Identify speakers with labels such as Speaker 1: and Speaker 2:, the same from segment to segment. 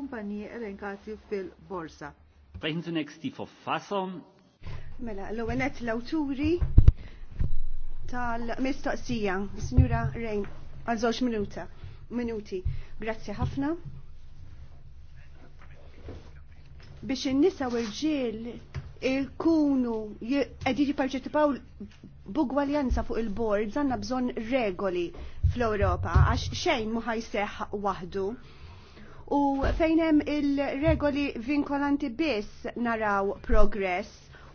Speaker 1: kumpaniji elenkati fil-borsa.
Speaker 2: Sprechen zunächst die Verfassung.
Speaker 1: Mela, l-għenet l-awturi tal-mistoqsija, s-njura Rejn, għal żewġ minuta. Minuti. Grazzi ħafna. Biex in-nisa u l-ġiel ikunu qegħdin jipparċetipaw b'ugwaljanza fuq il-bord għandna bżonn regoli fl-Ewropa għax xejn mu ħajseħ waħdu u fejn hemm il-regoli vinkolanti biss naraw progress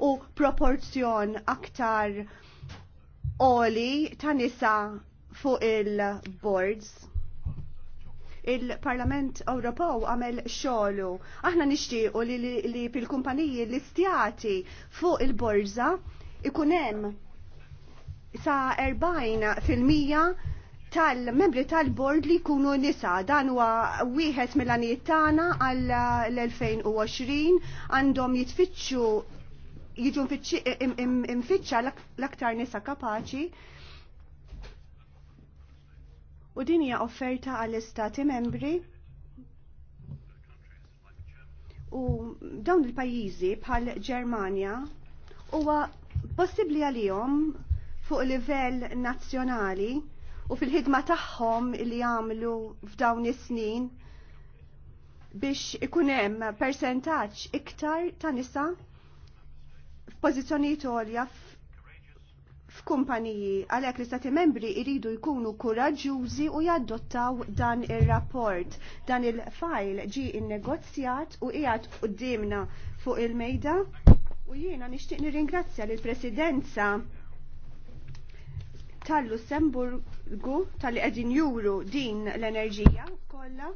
Speaker 1: u proporzjon aktar oli ta' nisa fuq il-boards il-Parlament Ewropew għamel xogħlu. Aħna nixtiequ li, li, li fil-kumpaniji l-istjati fuq il-borża ikun hemm sa 40% fil-mija tal-membri tal-bord li jkunu nisa dan huwa wieħed mill-għanijiet tagħna għal eh, l-2020 għandhom jitfittxu jiġu mfittxa l-aktar nisa kapaċi u din hija offerta għall-istati membri u dawn il-pajjiżi bħal Ġermanja huwa possibbli għalihom fuq livell nazzjonali u fil-ħidma tagħhom li jagħmlu f'dawn is-snin biex ikun hemm persentaġġ iktar ta' nisa f'pożizzjonijiet għolja f'kumpaniji għalhekk l-istati membri jridu jkunu kuraġġjużi u jaddottaw dan ir-rapport. Dan il file ġi innegozjat u qiegħed qudiemna fuq il-mejda u jiena nixtieq nirringrazzja lill-Presidenza tal-Lussemburgu tal-li qegħdin juru din l-enerġija kollha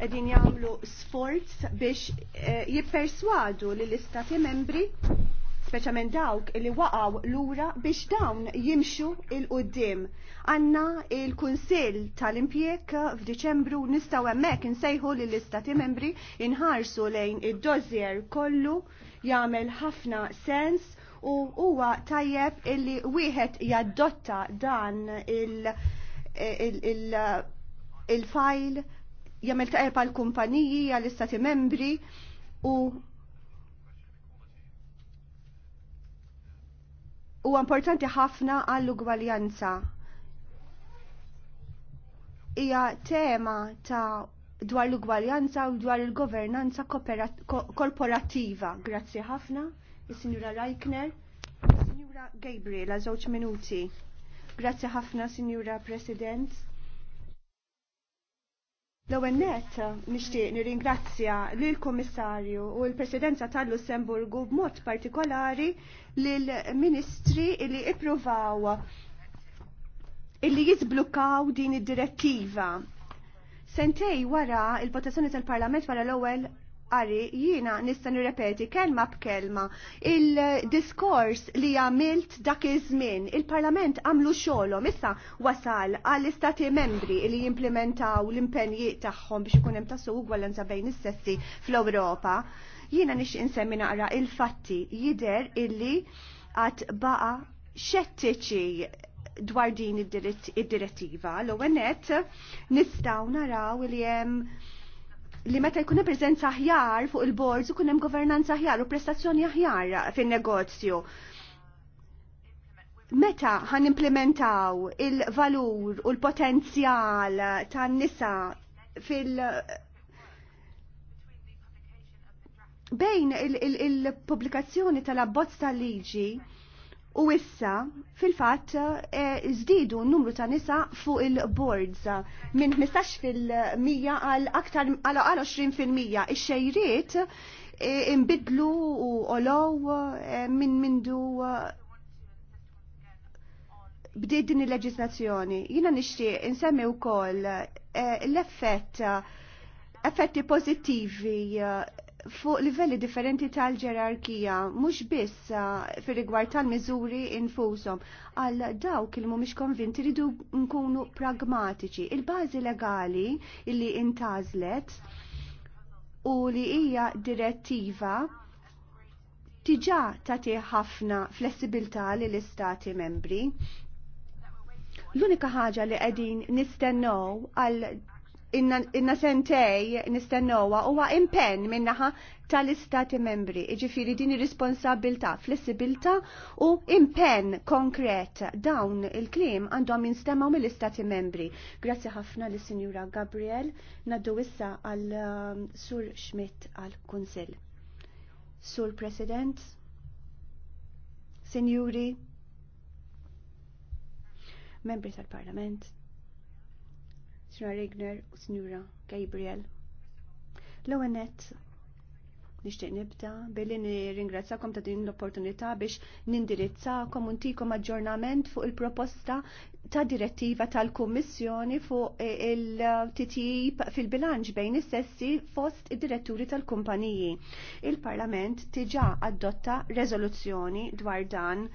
Speaker 1: qegħdin jagħmlu sforz biex eh, jipperswadu li l-istati membri speċament dawk li waqgħu lura biex dawn jimxu il qudiem Għandna il-Kunsill tal-Impjek f'Diċembru nistgħu hemmhekk insejħu l istati membri inħarsu lejn id dozier kollu jagħmel ħafna sens u huwa tajjeb illi wieħed jaddotta dan il-fajl jagħmel tajjeb għal kumpaniji għal istati membri u huwa importanti ħafna għall-ugwaljanza hija tema ta' dwar l-ugwaljanza u dwar il-governanza korporattiva. Grazzi ħafna il-Sinjura Reichner, il-Sinjura Gabriel, għal żewġ minuti. Grazzi ħafna, Sinjura President. L-ewwel nett nixtieq nirringrazzja lill kummissarju u l-Presidenza tal-Lussemburgu b'mod partikolari lill ministri li ippruvaw illi jizblukaw din id-direttiva. Sentej wara il-votazzjoni tal-Parlament wara l-ewwel qari jiena nista' nirrepeti kelma b'kelma il-diskors li għamilt dak iż-żmien il-Parlament għamlu xogħolhom issa wasal għall-istati membri li jimplementaw l-impenji tagħhom biex ikun hemm tassu ugwalanza bejn is-sessi fl-Ewropa. Jiena nix insemmi naqra il-fatti jider illi għat baqa xettiċi dwar din id-direttiva. L-ewwel nett nistgħu naraw li hemm li meta jkun hemm preżenza aħjar fuq il-boards ikun hemm governanza aħjar u prestazzjoni aħjar fin-negozju. Meta ħan implementaw il-valur u l-potenzjal tan-nisa fil- bejn il-pubblikazzjoni il il tal-abbozz tal-liġi U issa, fil-fat, e, zdidu n-numru ta' nisa fuq il-boards minn 15 fil-mija għal aktar għal 20 fil-mija. Ix-xejriet e, imbidlu u olow e, minn mindu bdiet din il-leġislazzjoni. Jina nixtieq insemmi wkoll l-effett effetti pozittivi fuq livelli differenti tal-ġerarkija, mhux biss ah, fir rigward tal-miżuri infushom. Għal dawk li mhumiex konvinti ridu nkunu pragmatiċi. Il-bażi legali li intażlet u li hija direttiva tiġa tagħti ħafna flessibilità lill istati membri. L-unika ħaġa li qegħdin nistennu għal inna sentej nistennowa huwa impenn minnaħa tal-istati membri, iġifiri din ir-responsabilta, flessibilta u impenn konkret dawn il-klim għandhom jinstemaw mill-istati membri. Grazzi ħafna l sinjura Gabriel, naddu issa għal um, Sur Schmidt għal Kunsil. Sur President, Sinjuri, membri tal-Parlament, Sra Regner u Snura Gabriel. L-għanet nishtiq nibda billi nirringrazzjakom ta' din l-opportunità biex nindirizzakom untikom aġġornament fuq il-proposta ta' direttiva tal-Kummissjoni fuq e, il-titjib fil-bilanċ bejn is-sessi fost id-diretturi tal-kumpaniji. Il-Parlament tiġa adotta rezoluzzjoni dwar dan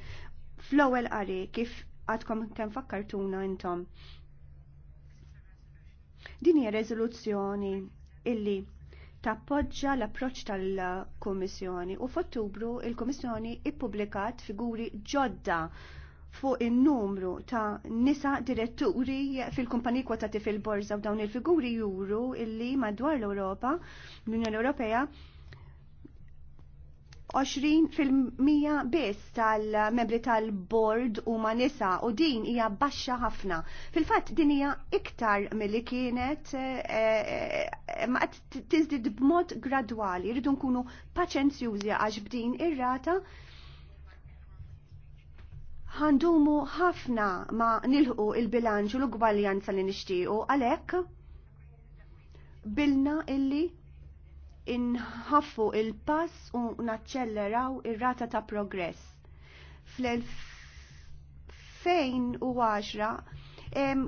Speaker 1: fl-ewwel qari kif għadkom kemm fakkartuna intom. Din hija reżoluzzjoni illi tappoġġa l-approċċ tal-Kummissjoni u f'Ottubru il-Kummissjoni ippubblikat figuri ġodda fuq in-numru ta' nisa diretturi fil-kumpaniji kwotati fil-borża u dawn il-figuri juru illi madwar l-Ewropa, l-Unjoni Ewropea, 20% biss tal-membri tal-board huma nisa u din hija baxxa ħafna. Fil-fatt din hija iktar milli kienet eh, eh, ma tiżdid b'mod gradwali, rridu nkunu paċenzjużi għax b'din ir-rata ħandumu ħafna ma nilħu il-bilanċ u l-gwaljanza li nixtiequ għalhekk bilna illi inħaffu il-pass u naċċelleraw ir-rata ta' progress. Fl-2010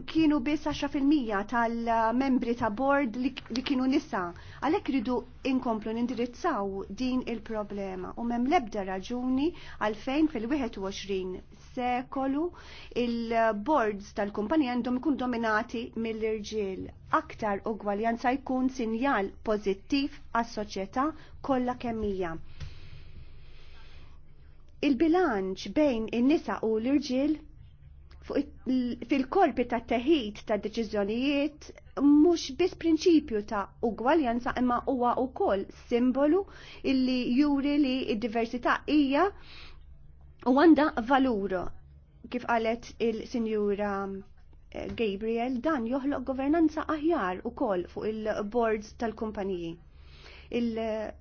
Speaker 1: kienu biss 10% tal-membri ta' board li, li kienu nisa. Għalhekk ridu inkomplu nindirizzaw din il-problema u mem lebda raġuni għalfejn fil-21 sekolu il-boards tal-kumpanija għandhom ikun dominati mill-irġiel. Aktar u ugwaljanza jkun sinjal pożittiv għas-soċjetà kollha kemmija. Il-bilanċ bejn in-nisa u l-irġiel fil-kolpi ta' teħid ta' deċiżjonijiet mhux biss prinċipju ta' ugwaljanza imma huwa wkoll simbolu illi juri li d-diversità hija u għandha valuru kif qalet il-Sinjura eh, Gabriel dan joħloq governanza aħjar ukoll fuq il-boards tal-kumpaniji. il boards tal kumpaniji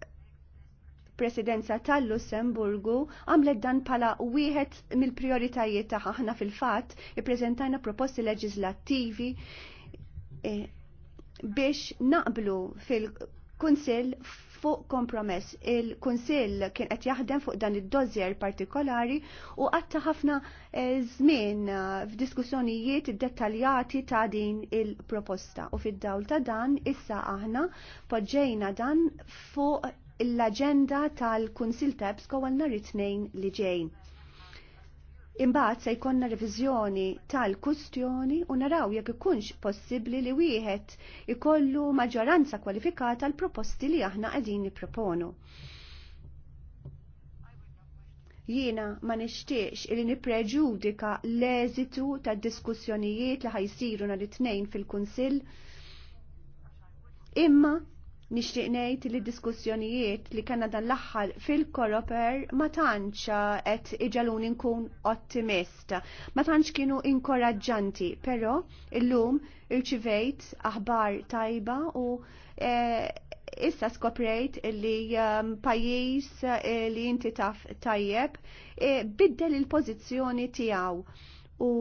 Speaker 1: il-presidenza tal-Lussemburgu għamlet dan pala wieħed mill-prioritajiet tagħha aħna fil-fatt ippreżentajna proposti leġislattivi eh, biex naqblu fil-Kunsill fuq kompromess. Il-Kunsill kien qed jaħdem fuq dan id-dozier partikolari u għatta ħafna eh, żmien eh, f'diskussjonijiet dettaljati ta' din il-proposta. U fid-dawl ta' dan issa aħna poġġejna dan fuq l-agenda tal-Kunsil Tebsko għal nhar it-tnejn li ġejn. Imbagħad se jkollna reviżjoni tal-kustjoni u naraw jekk ikunx possibbli li wieħed ikollu maġġoranza kwalifikata l proposti li aħna qegħdin nipproponu. Jiena ma nixtieqx li nippreġudika l-eżitu tad-diskussjonijiet li ħajsiru nhar it-tnejn fil-Kunsill imma Nixtieq ngħid li diskussjonijiet li kellna dan l-aħħar fil-koroper ma tantx qed iġaluni nkun ottimist. Ma tantx kienu inkoraġġanti, però illum irċivejt aħbar tajba u e, issa skoprejt li ehm, pajis eh, li inti taf tajjeb eh, biddel il-pozizjoni tijaw u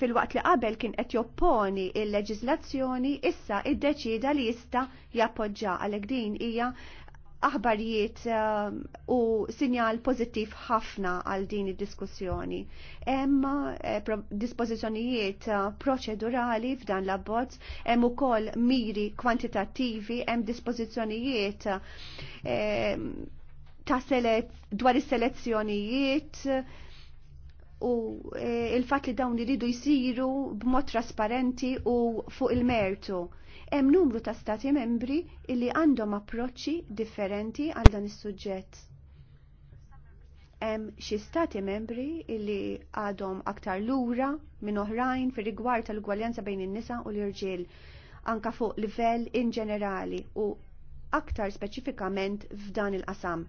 Speaker 1: fil-waqt li qabel kien qed jopponi il-leġiżlazzjoni issa iddeċida li jista' jappoġġa għalhekk din hija aħbarijiet eh, u sinjal pozittiv ħafna għal din id-diskussjoni. Hemm eh, dispożizzjonijiet eh, proċedurali f'dan l-abbozz, hemm ukoll miri kwantitattivi, hemm dispożizzjonijiet ta' dwar is-selezzjonijiet u e, il-fat li dawn iridu jisiru b'mod trasparenti u fuq il-mertu. Hemm numru ta' stati membri li għandhom approċċi differenti għal dan is-suġġett. Hemm xi stati membri li għadhom aktar lura minn oħrajn fir rigward tal-gwaljanza bejn in-nisa u l-irġiel anka fuq livell in ġenerali u aktar speċifikament f'dan il-qasam.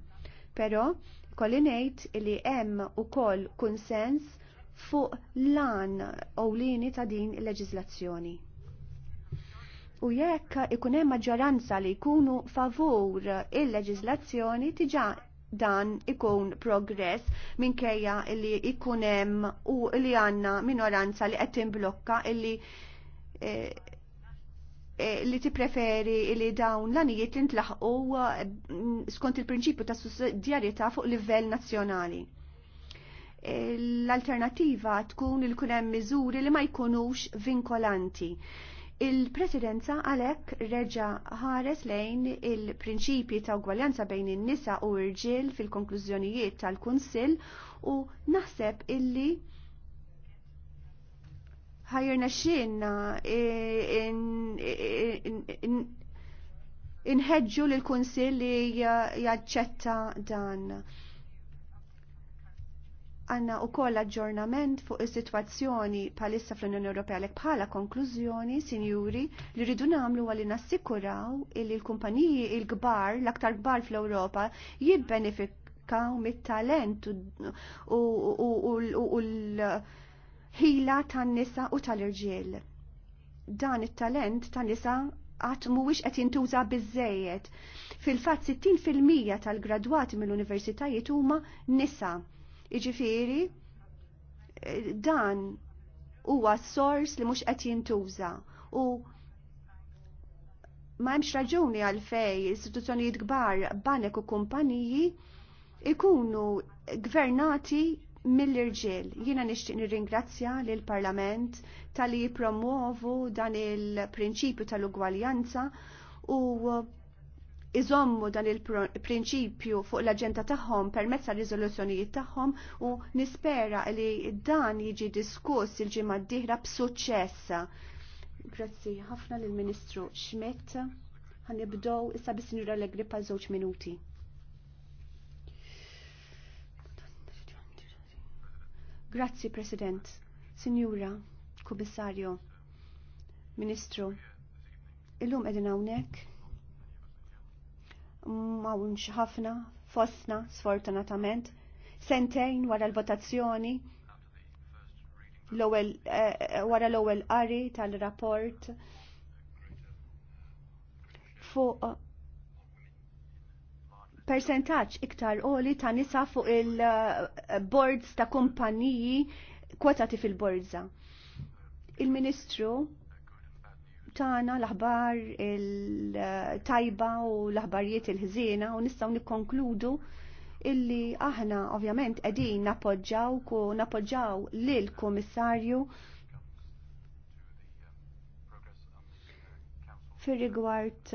Speaker 1: Però Kolli ngħid li hemm ukoll kunsens fuq lan ewlieni ta' din il-leġiżlazzjoni. U jekk ikun hemm maġġoranza li jkunu favur il-leġiżlazzjoni tiġa dan ikun progress minkejja li ikun hemm u li għandna minoranza li qed timblokka illi eh, Eh, li ti preferi li dawn l-anijiet li ntlaħqu eh, skont il-prinċipju ta' sussidjarjetà fuq livell nazzjonali. Eh, l-alternativa tkun il kunem miżuri li ma jkunux vinkolanti. Il-presidenza għalek reġa ħares lejn il-prinċipji ta' ugwaljanza bejn in-nisa u r-ġil fil-konklużjonijiet tal-Kunsill u naħseb illi ħajrna xinna inħedġu l kunsil li jaċċetta dan. Għanna u koll aġġornament fuq is-sitwazzjoni palissa fl-Unjoni Ewropea li bħala konklużjoni, sinjuri, li rridu namlu għalli nassikuraw il l-kumpaniji il-gbar, l-aktar gbar fl-Ewropa, jibbenefikaw mit-talent u l- ħila tan-nisa u tal-irġiel. Dan it-talent tan-nisa għat mhuwiex qed jintuża biżejjed. Fil-fatt 60% tal-gradwati mill-universitajiet huma nisa. Iġifiri, eh, dan huwa sors li mhux qed jintuża u ma hemmx raġuni fej istituzzjonijiet kbar banek u kumpaniji ikunu gvernati mill-irġiel. Jiena nixtieq nirringrazzja lil parlament tal-li jipromuovu dan il-prinċipju tal-ugwaljanza u iżommu dan il-prinċipju fuq l-agenda tagħhom permezz riżoluzzjonijiet tagħhom u nispera li dan jiġi diskuss il-ġimgħa d-dieħla b'suċċess. Grazzi ħafna lill-Ministru Schmidt. Ħanibdew issa bis-Sinjura Legri pa' żewġ minuti. Grazzi, President, Signora, Kummissarju, Ministru. Illum edin hawnhekk mawnx ħafna fosna sfortunatament sentejn wara l-votazzjoni l-ewwel eh, eh, wara l-ewwel qari tal-rapport fuq percentaċ iktar oli ta' nisa fuq il-boards ta' kumpaniji kwotati fil-borza. Il-Ministru tana l-aħbar il-tajba u l-aħbarijiet il-ħżiena u nistaw nikkonkludu illi aħna ovvjament qegħdin napoġġaw ku napoġġaw lil kummissarju fir-rigward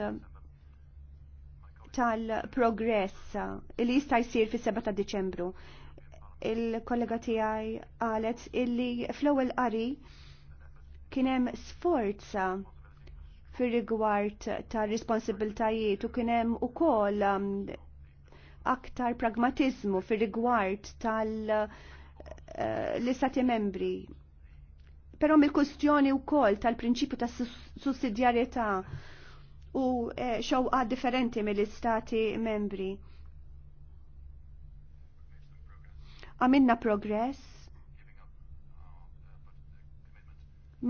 Speaker 1: tal-progress li jista' jsir fis-7 ta' Diċembru. Il-kollega tiegħi qalet illi fl-ewwel qari kien hemm sforza fir-rigward ta' responsibiltajiet u kien hemm ukoll um, aktar pragmatizmu fir-rigward tal- uh, l-istati membri Però mill-kustjoni u kol tal-prinċipju ta' sussidjarietà u eh, xewqa differenti mill-istati membri. Għamilna progress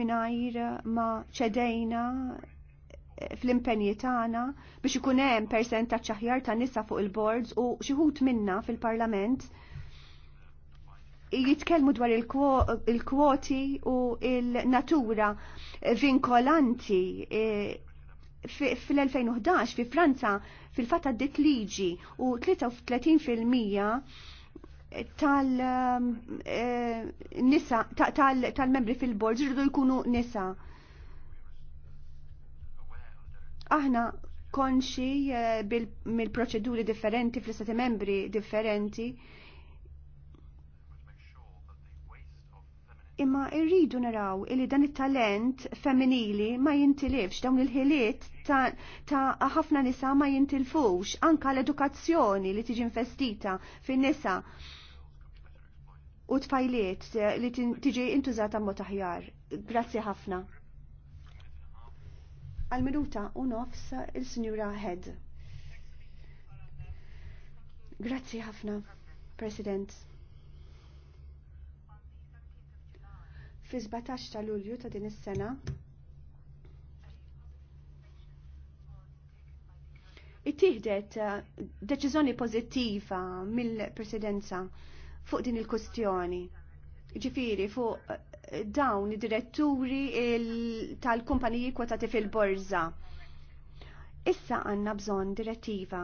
Speaker 1: minajr ma ċedejna eh, fl-impenji tagħna biex ikun hemm persentaġġ aħjar ta' nisa fuq il-boards u xi ħut minna fil-Parlament jitkellmu dwar il-kwoti u il-natura vinkolanti eh, fil-2011 fi Franza fil-fatt għaddit liġi u 33% tal-nisa um, eh, tal-membri fil-bord ġirdu jkunu nisa. Aħna konxi eh, bil proċeduri differenti fl-istati membri differenti imma irridu naraw illi dan it-talent femminili ma jintilifx dawn il-ħiliet ta' ħafna nisa ma jintilfux anka l-edukazzjoni li tiġi infestita fin nisa u tfajliet li tiġi intużata mod aħjar. Grazzi ħafna. Għal-minuta u nofs il-Sinjura Head. Grazzi ħafna, President. fi 17 ta' Lulju ta' din is-sena. Ittieħdet eh, deċiżjoni pożittiva mill-Presidenza fuq din il-kustjoni. Ġifieri fuq eh, dawn id-diretturi tal-kumpaniji kwotati fil-borza. Issa għanna bżon direttiva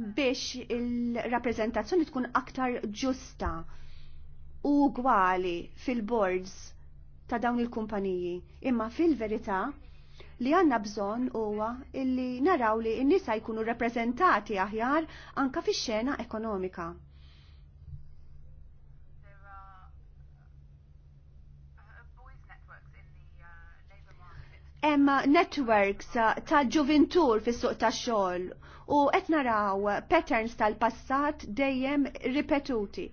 Speaker 1: biex il-rappresentazzjoni tkun aktar ġusta u gwali fil-boards ta' dawn il-kumpaniji. Imma fil-verità li għanna bżon huwa illi naraw li n-nisa jkunu rappresentati aħjar anka fix-xena ekonomika. Emma networks ta' ġuventur fis-suq tax-xogħol u qed naraw patterns tal-passat dejjem ripetuti.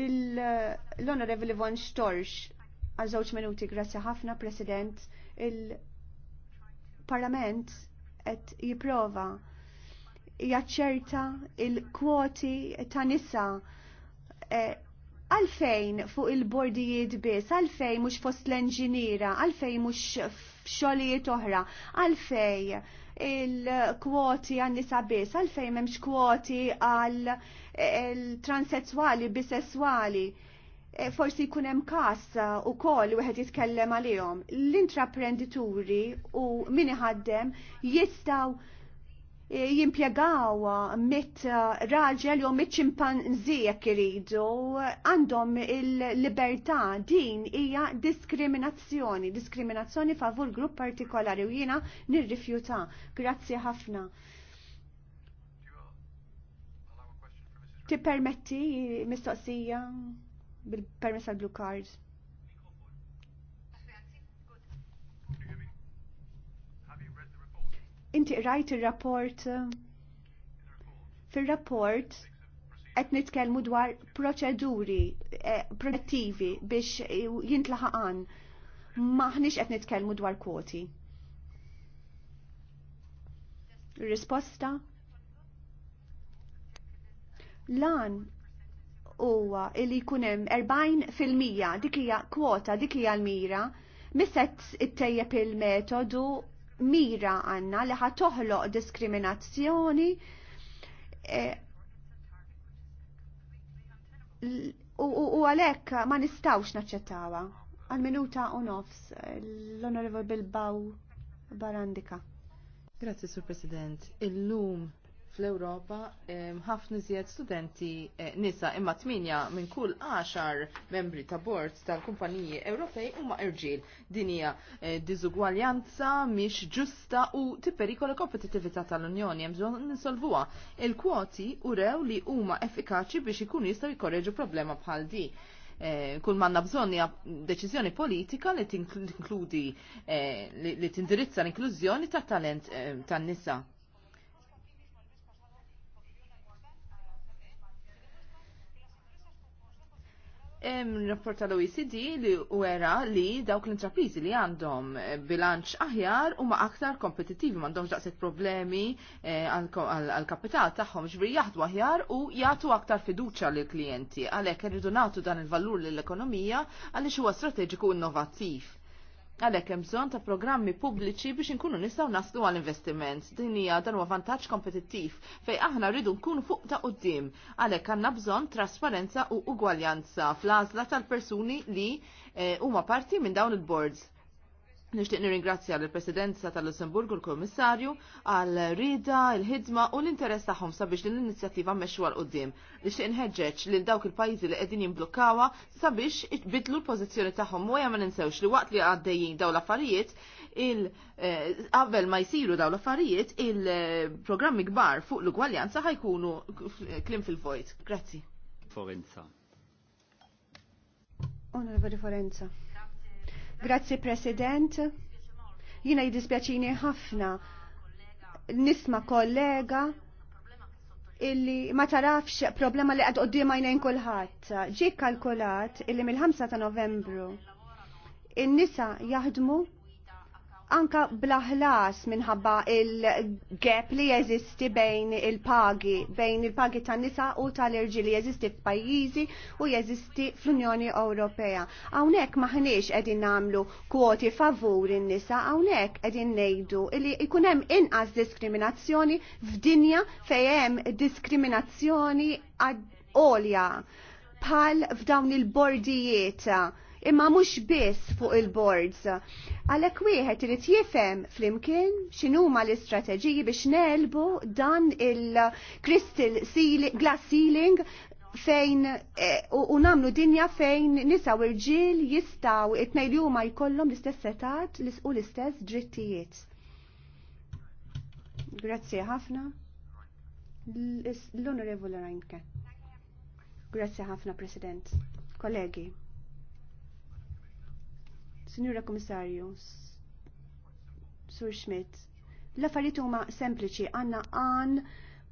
Speaker 1: L-Onorevoli Von Storch, għal żewġ minuti, grazzi ħafna, President, il-Parlament qed jipprova jaċċerta il-kwoti ta' nisa eh, għalfejn fuq il-bordijiet biss, għalfejn mhux fost l-enġiniera, għalfejn mhux xogħlijiet oħra, għalfejn il-kwoti għan nisa biss, għalfejn memx kwoti għal eh, transessuali, bisessuali. Eh, forsi jkun hemm każ eh, ukoll wieħed jitkellem għalihom. L-intraprendituri u minni ħaddem jistgħu Eh, jimpjegaw eh, mit eh, raġel jew mit ċimpanżi jekk iridu għandhom il-libertà din hija diskriminazzjoni, diskriminazzjoni favur grupp partikolari u jiena nirrifjuta. Grazzi ħafna. Tippermetti mistoqsija bil-permess għal-blue card? Inti rajt il-rapport eh, fil-rapport qed nitkellmu dwar proċeduri eh, protettivi biex jintlaħaqan. Maħniex qed nitkellmu dwar kwoti. Risposta? Lan huwa li jkun hemm 40% dik hija kwota, dik hija l-mira, misset ittejjeb il-metodu mira għanna li ħatoħloq diskriminazzjoni e, u għalek ma nistawx naċċettawa. Għal minuta u nofs l-Onorevol Bilbao Barandika.
Speaker 3: Grazzi, Sur President. Illum fl-Europa ħafna iżjed studenti eh, nisa imma tminja minn kull 10 membri ta' bord tal-kumpaniji Ewropej huma irġiel. Din hija eh, diżugwaljanza mhix ġusta u tipperikola kompetittività tal-Unjoni hemm bżonn nisolvuha. Il-kwoti urew li huma effikaċi biex ikun jistgħu jkorreġu problema bħal di. Eh, kull manna bżonni deċizjoni politika li tinkludi eh, li tindirizza l-inklużjoni ta' talent eh, tan-nisa. rapport tal-OECD li wera li dawk l-intrapriżi li għandhom eh, bilanċ aħjar huma aktar kompetittivi m'għandhomx daqset problemi eh, għall-kapital tagħhom ġbir jaħdmu aħjar u jagħtu aktar fiduċja lill klijenti għalhekk irridu nagħtu dan il-valur lill-ekonomija għaliex huwa strateġiku innovattiv Għalhekk hemm bżonn ta' programmi pubbliċi biex inkunu nistgħu naslu għall-investiment. Din hija dan huwa vantaġġ kompetittiv fej aħna rridu nkunu fuq ta' quddiem. Għalhekk għandna bżonn trasparenza u ugwaljanza fl-għażla tal-persuni li eh, huma parti minn dawn il-boards Nishtiq nir-ingrazzja l presidenza tal-Lussemburgu l-Komissarju għal rida, l ħidma u l-interess tagħhom sabiex din l-inizjattiva mmexxu għal qoddim Nishtiq nħedġeċ lil dawk il-pajjiżi li qegħdin jimblokkawa sabiex bidlu l-pożizzjoni tagħhom u ma ninsewx li waqt li għaddejjin daw l-affarijiet il eh, qabel ma jsiru daw l-affarijiet il-programmi kbar fuq l-ugwaljanza ħajkunu klim fil-vojt. Grazzi.
Speaker 2: Forenza.
Speaker 1: Onorevoli Forenza. Grazzi President. Jina jidispjaċini ħafna nisma kollega illi ma tarafx problema li għad qoddima jnejn kulħadd. Ġi kalkulat illi mill-5 ta' Novembru in-nisa jaħdmu anka blaħlas minħabba il-gap li jeżisti bejn il-pagi, bejn il-pagi tan nisa u tal-irġi li jeżisti f'pajjiżi u jeżisti fl-Unjoni Ewropea. Hawnhekk maħniex qegħdin nagħmlu kwoti favur in-nisa, hawnhekk qegħdin ngħidu li jkun hemm inqas diskriminazzjoni f'dinja fejn hemm diskriminazzjoni għolja bħal f'dawn il-bordijiet imma mhux biss fuq il-boards. Għalhekk wieħed irid jifhem flimkien x'inhuma l-istrateġiji biex nelbu dan il-crystal glass ceiling fejn e, u namlu dinja fejn nisa u rġil jistaw itnej huma jkollhom l-istess setat u l-istess drittijiet. Grazzi ħafna. L-Onorevole Reinke. Grazzi ħafna, President. Kollegi. Sinjura Komissarju, Sur Schmidt, l-affarijiet huma sempliċi għandna għan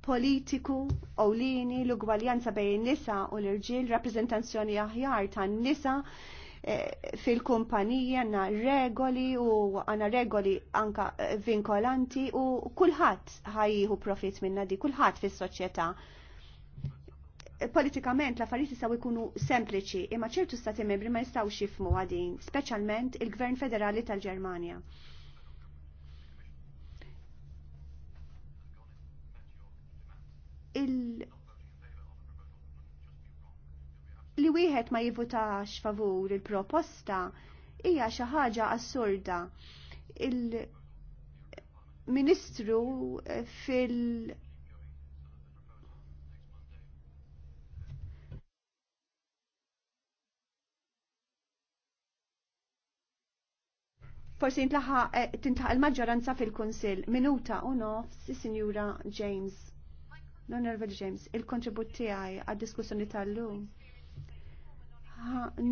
Speaker 1: politiku ewlieni l-ugwaljanza bejn nisa u l-irġiel, rappreżentazzjoni aħjar tan-nisa eh, fil-kumpanija għanna regoli u għanna regoli anka eh, vinkolanti u kulħadd ħajjiħu profit minna di, kulħadd fis-soċjetà politikament l-affarijiet jistgħu jkunu sempliċi imma ċertu stati membri ma jistgħux xifmu għadin, speċjalment il-Gvern Federali tal-Ġermanja. Il... li wieħed ma jivutax favur il-proposta hija xi ħaġa assurda. Il-Ministru fil- Forsi tintlaħa eh, il-maġġoranza fil-Kunsill. Minuta u nofs, Sinjura James. L-Honorable James, il-kontribut tiegħi għad-diskussjoni tal-lum.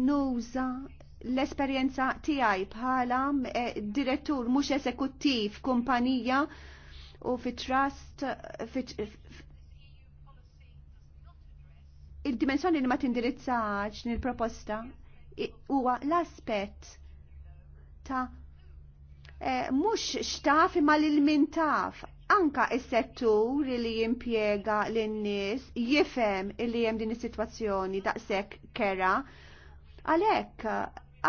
Speaker 1: Nuża l-esperjenza tiegħi bħala eh, direttur mhux eżekuttiv kumpanija u fi trust il-dimensjoni li ma tindirizzax nil-proposta huwa l-aspett ta' Eh, mux xtaf imma l-min taf. Anka il-settur li jimpiega l-nis jifem li jem din is-sitwazzjoni daqshekk kera. Għalek,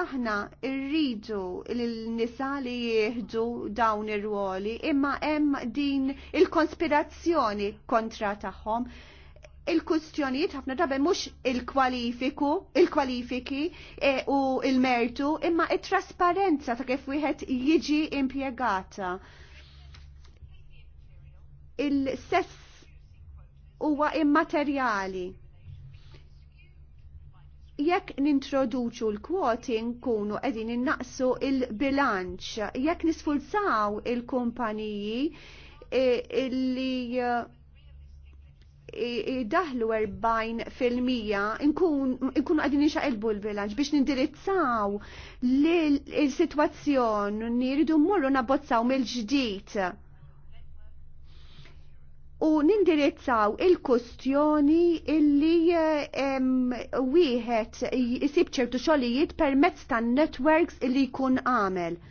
Speaker 1: aħna irridu l-nisa li jihdu dawn ir-ruoli imma hemm din il-konspirazzjoni kontra tagħhom il-kustjonijiet ħafna drabi mhux il-kwalifiku, il-kwalifiki e, u il-mertu, imma it-trasparenza ta' kif wieħed jiġi impjegata. Il-sess huwa immaterjali. Jekk nintroduċu l-kwoti nkunu qegħdin innaqsu il-bilanċ, jekk nisfulzaw il-kumpaniji e, illi uh, daħlu 40% nkun għadin nixaqilbu l-bilanċ biex nindirizzaw l-situazzjon niridu mmurru nabbozzaw mill-ġdid u nindirizzaw il-kustjoni illi wieħed jisib ċertu xogħlijiet permezz tan-networks illi jkun għamel.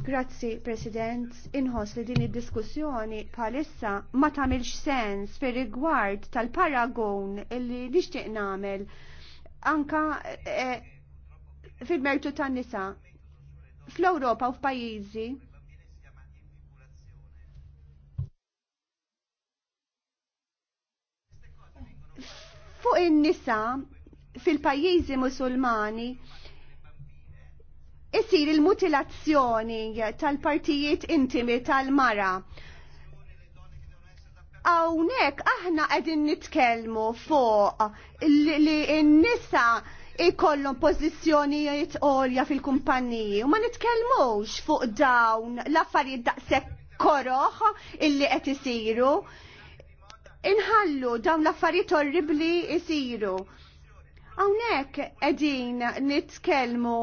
Speaker 1: Grazzi, President. Inħoss li din id-diskussjoni palissa ma tamilx sens fir rigward tal-paragon illi nixtieq nagħmel anka eh, fil-mertu tan-nisa fl-Ewropa u f'pajjiżi fuq in-nisa fil-pajjiżi Musulmani isir il-mutilazzjoni tal-partijiet intimi tal-mara. Awnek aħna għedin nitkelmu fuq li n-nisa ikollhom pożizzjonijiet għolja fil-kumpanniji u ma nitkellmux fuq dawn l-affarijiet daqshekk koroħ illi qed isiru. Inħallu dawn l-affarijiet orribli isiru. Għawnek edin nitkelmu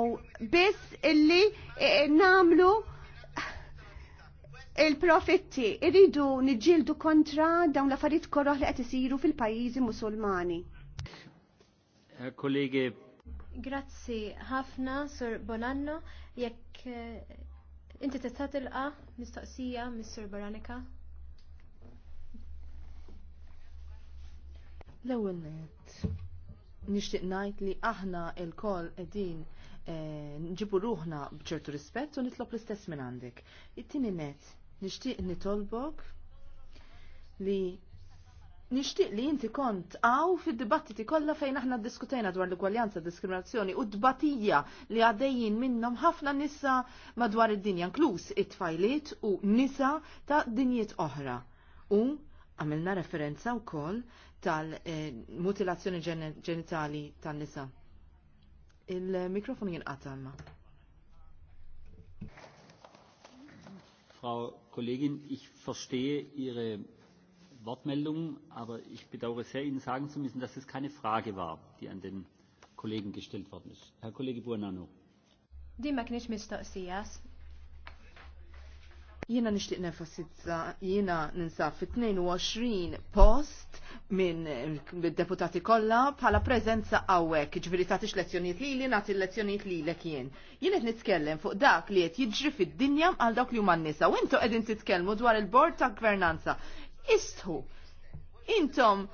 Speaker 1: biss illi e, e, namlu il-profitti irridu nġildu kontra dawn l-affarijiet korroħ li qed isiru fil-pajjiżi Musulmani.
Speaker 2: Kollegi.
Speaker 4: Grazzi ħafna, Sur Bonanno, jekk e, Inti tista' tilqa' mistoqsija mis-Sur Baranika?
Speaker 3: L-ewwel Nixtieq ngħid li aħna lkoll qegħdin eh, nġibu ruħna bċertu rispett u nitlob l-istess minn għandek. It-tieni net, nixtieq nitolbok li nixtieq li inti kont għaw fid-dibattiti kollha fejn aħna ddiskutejna dwar l-ugwaljanza, diskriminazzjoni u dbatija li għaddejjin minnhom ħafna nisa madwar id-dinja, inkluż it-tfajliet u nisa ta' dinjiet oħra. U għamilna referenza wkoll tal-mutilazzjoni ġenitali tan-nisa. Il-mikrofon jinqata' imma.
Speaker 2: Frau Kollegin, ich verstehe Ihre Wortmeldung, aber ich bedauere sehr, Ihnen sagen zu müssen, dass es keine Frage war, die an den Kollegen gestellt worden ist. Herr Kollege Buonanno.
Speaker 4: Di ma kienx mistoqsijas,
Speaker 3: Jiena nixtieq nefasizza jiena ninsab fi 22 post minn deputati kollha bħala preżenza hawnhekk, ġifieri tagħtix lezzjonijiet lili nagħti lezzjonijiet lilek jien. Jien qed nitkellem fuq dak li qed jiġri fid-dinja għal dawk li huma n-nisa u intu qegħdin titkellmu dwar il-bord ta' gvernanza. Istħu. Intom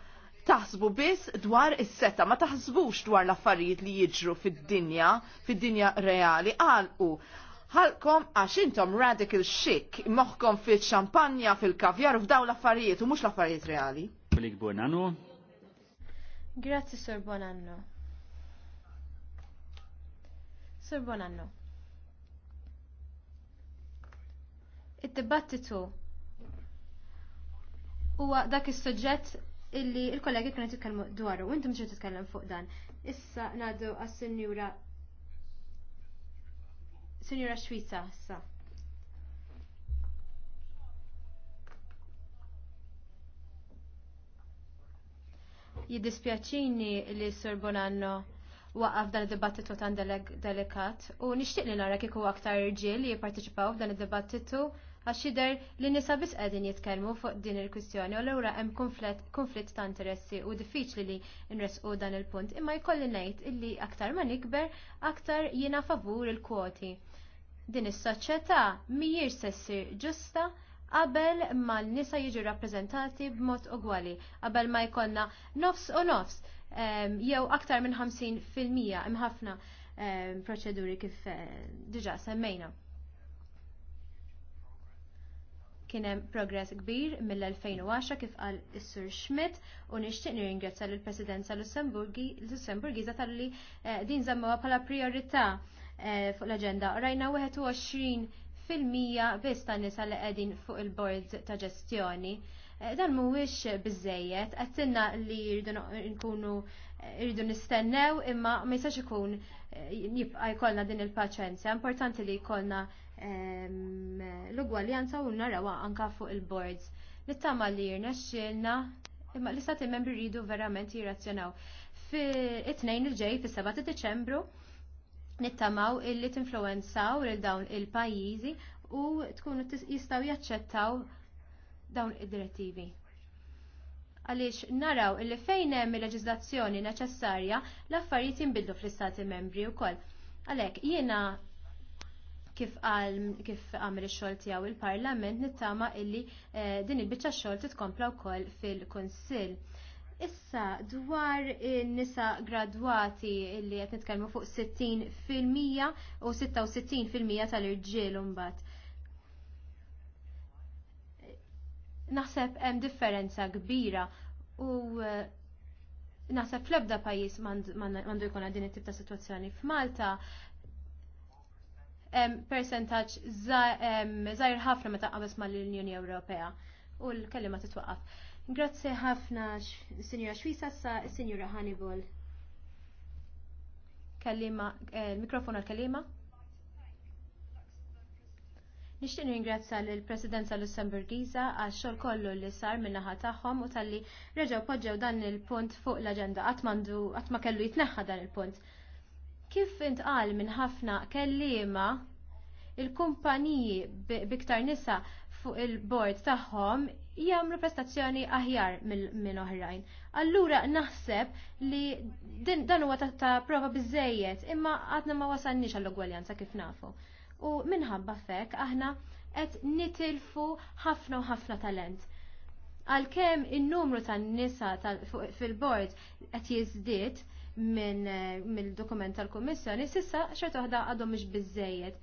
Speaker 3: taħsbu biss dwar is-seta, ma taħsbux dwar l-affarijiet li jiġru fid-dinja, fid-dinja reali, u ħalkom għax intom radical chic, moħkom fil-ċampanja, fil-kavjar, f'daw l-affarijiet u mux l-affarijiet reali.
Speaker 2: Kolik Bonanno.
Speaker 4: Grazzi, Sir Bonanno. Sir Bonanno. Id-dibattitu huwa dak is-suġġett illi il-kollegi kienu jitkellmu dwaru, u intom ġew titkellem fuq dan. Issa ngħaddu għas-Sinjura Sinjura Xwisa, sa. Jiddispjaċini li Sur Bonanno waqaf dan id-dibattitu tan delikat u nixtieq li nara kieku aktar irġiel li jipparteċipaw f'dan id-dibattitu għax jidher li nisa biss qegħdin jitkellmu fuq din il-kwistjoni u lura hemm konflitt ta' interessi u diffiċli li nresqu dan il-punt imma jkolli ngħid illi aktar ma nikber aktar jiena favur il-kwoti. Din is-soċjetà mhijiex se ssir ġusta qabel ma l-nisa jiġu rappreżentati b'mod ugwali, qabel ma jkollna nofs u nofs, jew aktar minn 50 fil-mija imħafna proċeduri kif eh, diġà semmejna. Kien hemm progress kbir mill-2010 kif qal is-Sur Schmidt u nixtieq nirringrazzja lill-Presidenza Lussemburgiża talli eh, din żammuha bħala priorità Eh, fuq l-agenda. Rajna 21 fil-mija biss nisa li qegħdin fuq il-board ta' ġestjoni. Eh, dan mhuwiex biżejjed, għattinna li jridu nkunu jridu eh, nistennew imma ma jistax ikun jibqa' jkollna din il-paċenzja. Importanti li jkollna ehm, l-ugwaljanza u narawa anka fuq il-boards. Nittama li jirnexxilna imma l-istati membri jridu verament jirrazzjonaw. Fi it-tnejn il-ġej, fis-7 Deċembru, nittamaw illi tinfluwenzaw lil dawn il-pajjiżi u tkunu jistgħu jaċċettaw dawn id-direttivi. Għaliex naraw illi fejn hemm il-leġiżlazzjoni neċessarja l-affarijiet jinbidlu fl-istati membri wkoll. Għalhekk jiena kif għal kif għamil ix-xogħol tiegħu il-Parlament nittama illi eh, din il-biċċa xogħol titkompla wkoll fil-Kunsill Issa, dwar nisa gradwati illi qed nitkellmu fuq 60% u 66% tal-irġiel mbagħad. Naħseb hemm differenza kbira u eh, naħseb fl-ebda pajjiż m'għandu jkun din it-tip ta' sitwazzjoni f'Malta percentaġġ zaħir ħafna meta qabes mal-Unjoni Ewropea u l-kelliema titwaqqaf. Grazzi ħafna, Sinjora Xwisa, sa s-Sinjura Hannibal. Kallima, eh, mikrofon għal-kallima. Nixtieq ingrazza lill presidenza Lussemburgiza għax xogħol kollu li sar min-naħa tagħhom u talli reġgħu poġġew dan il-punt fuq l-aġenda qatt għatma ma kellu jitneħħa dan il-punt. Kif intqal minn ħafna kelliema il-kumpaniji biktar nisa fuq il-bord tagħhom jagħmlu prestazzjoni aħjar minn oħrajn. Allura naħseb li dan huwa ta' prova biżejjed, imma għadna ma wasalniex għall-ugwaljanza kif nafu. U minħabba fekk aħna qed nitilfu ħafna u ħafna talent. Għalkemm in-numru tan-nisa fil-bord qed jiżdied minn eh, mill-dokument tal-Kummissjoni, sissa xorta waħda għadhom mhux biżejjed.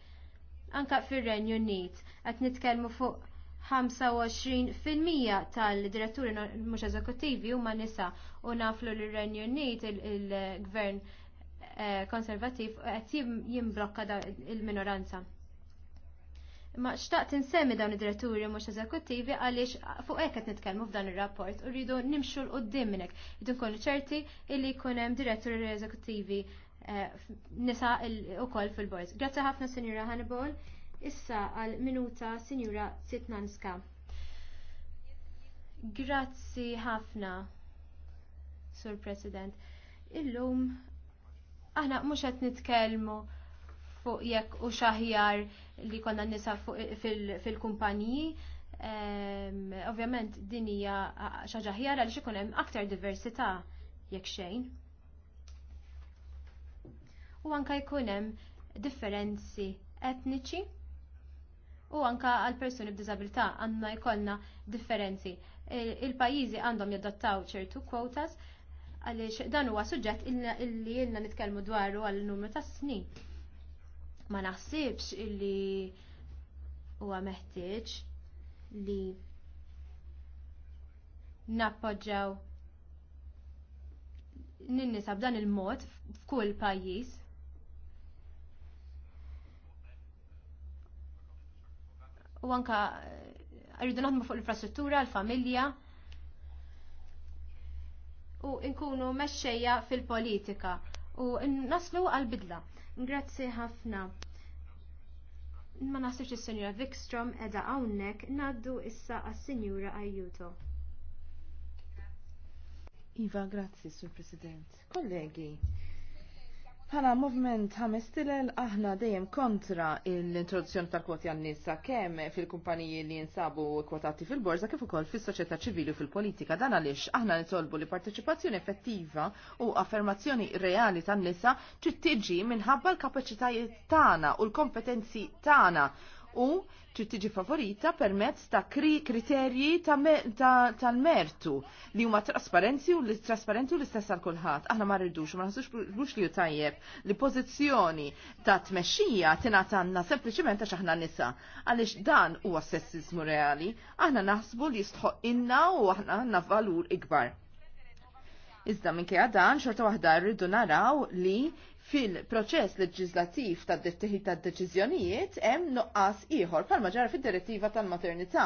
Speaker 4: Anka fir-Renju Unit qed nitkellmu fuq 25% tal-diretturi mhux eżekuttivi huma nisa u naflu li renju Unit il-gvern eh, konservattiv qed jimblokka il-minoranza. Ma xtaqt insemmi dawn id-diretturi mhux eżekuttivi għaliex fuq hekk qed nitkellmu f'dan ir-rapport u rridu nimxu l qudiem minnek. Idu nkunu ċerti illi jkun hemm diretturi eżekuttivi eh, nisa wkoll fil-bord. Grazzi ħafna Sinjura Hannibal. Issa għal minuta Sinjura Sitnanska. Grazzi ħafna, Sur President. Illum aħna mhux qed nitkellmu fuq jekk u xaħjar li konna nisa fil-kumpaniji. Ehm, ovvjament din hija xaġaħjar għaliex ikun hemm aktar diversità jekk xejn. U anka jkun hemm differenzi etniċi u anka għal persuni b'diżabilità għandna jkollna differenzi. Il-pajjiżi għandhom jadattaw ċertu quotas għaliex dan huwa suġġett illi jenna nitkellmu dwaru għal numru ta' snin. Ma naħsibx illi huwa meħtieġ li nappoġġaw ninnisab dan il-mod f'kull pajjiż u anka eh, rridu naħdmu fuq l-infrastruttura, l-familja u nkunu mexxejja fil-politika u naslu għal-bidla. Grazzi ħafna. Ma nasibx is-Sinjura Vikstrom edha hawnhekk ngħaddu issa għas-Sinjura Ajuto.
Speaker 3: Iva, grazzi, Sur President. Kollegi, Pala movement ħames tilel aħna dejjem kontra l-introduzzjoni tal-kwoti għan-nisa kemm fil-kumpaniji li jinsabu kwotati fil-borza kif ukoll fis-soċjetà ċivili u fil-politika dan għaliex aħna nitolbu li partecipazzjoni effettiva u affermazzjoni reali tan-nisa trid minħabba l-kapaċitajiet tagħna u l-kompetenzi tagħna u trid tiġi favorita permezz ta' kriterji tal-mertu li huma trasparenti u li trasparenti u l-istess għal kulħadd. Aħna ma rridux, ma naħsux li tajjeb li pożizzjoni ta' tmexxija tingħata għandna sempliċiment għax aħna nisa. Għaliex dan huwa sessizmu reali, aħna naħsbu li inna u aħna għandna valur ikbar. Iżda kja dan xorta waħda rridu naraw li fil-proċess leġislattiv tad detteħid tad deċiżjonijiet hemm nuqqas ieħor bħalma ġara fid-direttiva tal-maternità.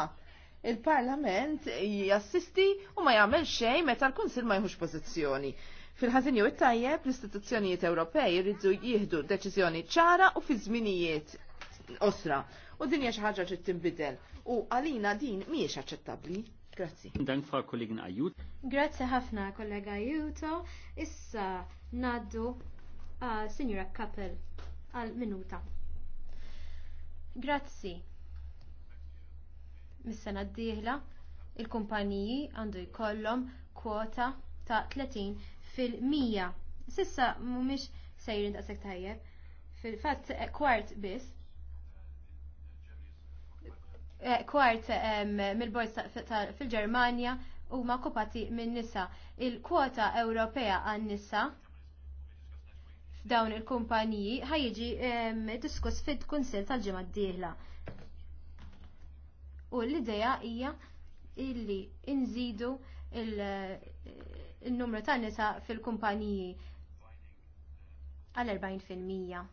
Speaker 3: Il-Parlament jassisti u ma jagħmel xejn meta l-Kunsill ma jħux pożizzjoni. Fil-ħażin jew it-tajjeb l-istituzzjonijiet Ewropej jridu jieħdu deċiżjoni ċara u fi żminijiet osra. U din hija xi ħaġa ġiet tinbidel. U għalina din mhijiex aċċettabbli. Grazzi.
Speaker 2: Dank fa' kollegna Ajut.
Speaker 4: Grazzi ħafna kollega Ajuto. Issa naddu Signora Kappel għal minuta. Grazzi. Mis-sena d-dieħla il-kumpaniji għandu jkollhom kwota ta' 30 fil-100. Sissa mhumiex sejrin ta' tajjeb. Fil-fatt eh, kwart biss. Eh, kwart mill bojt fil-Ġermanja huma kopati minn nisa. Il-kwota Ewropea għan nisa dawn il-kumpaniji ħajġi diskuss fit kunsil tal-ġimgħa d-dieħla. U l-idea hija illi nżidu eh, il-numru ta' nisa fil-kumpaniji għal 40%.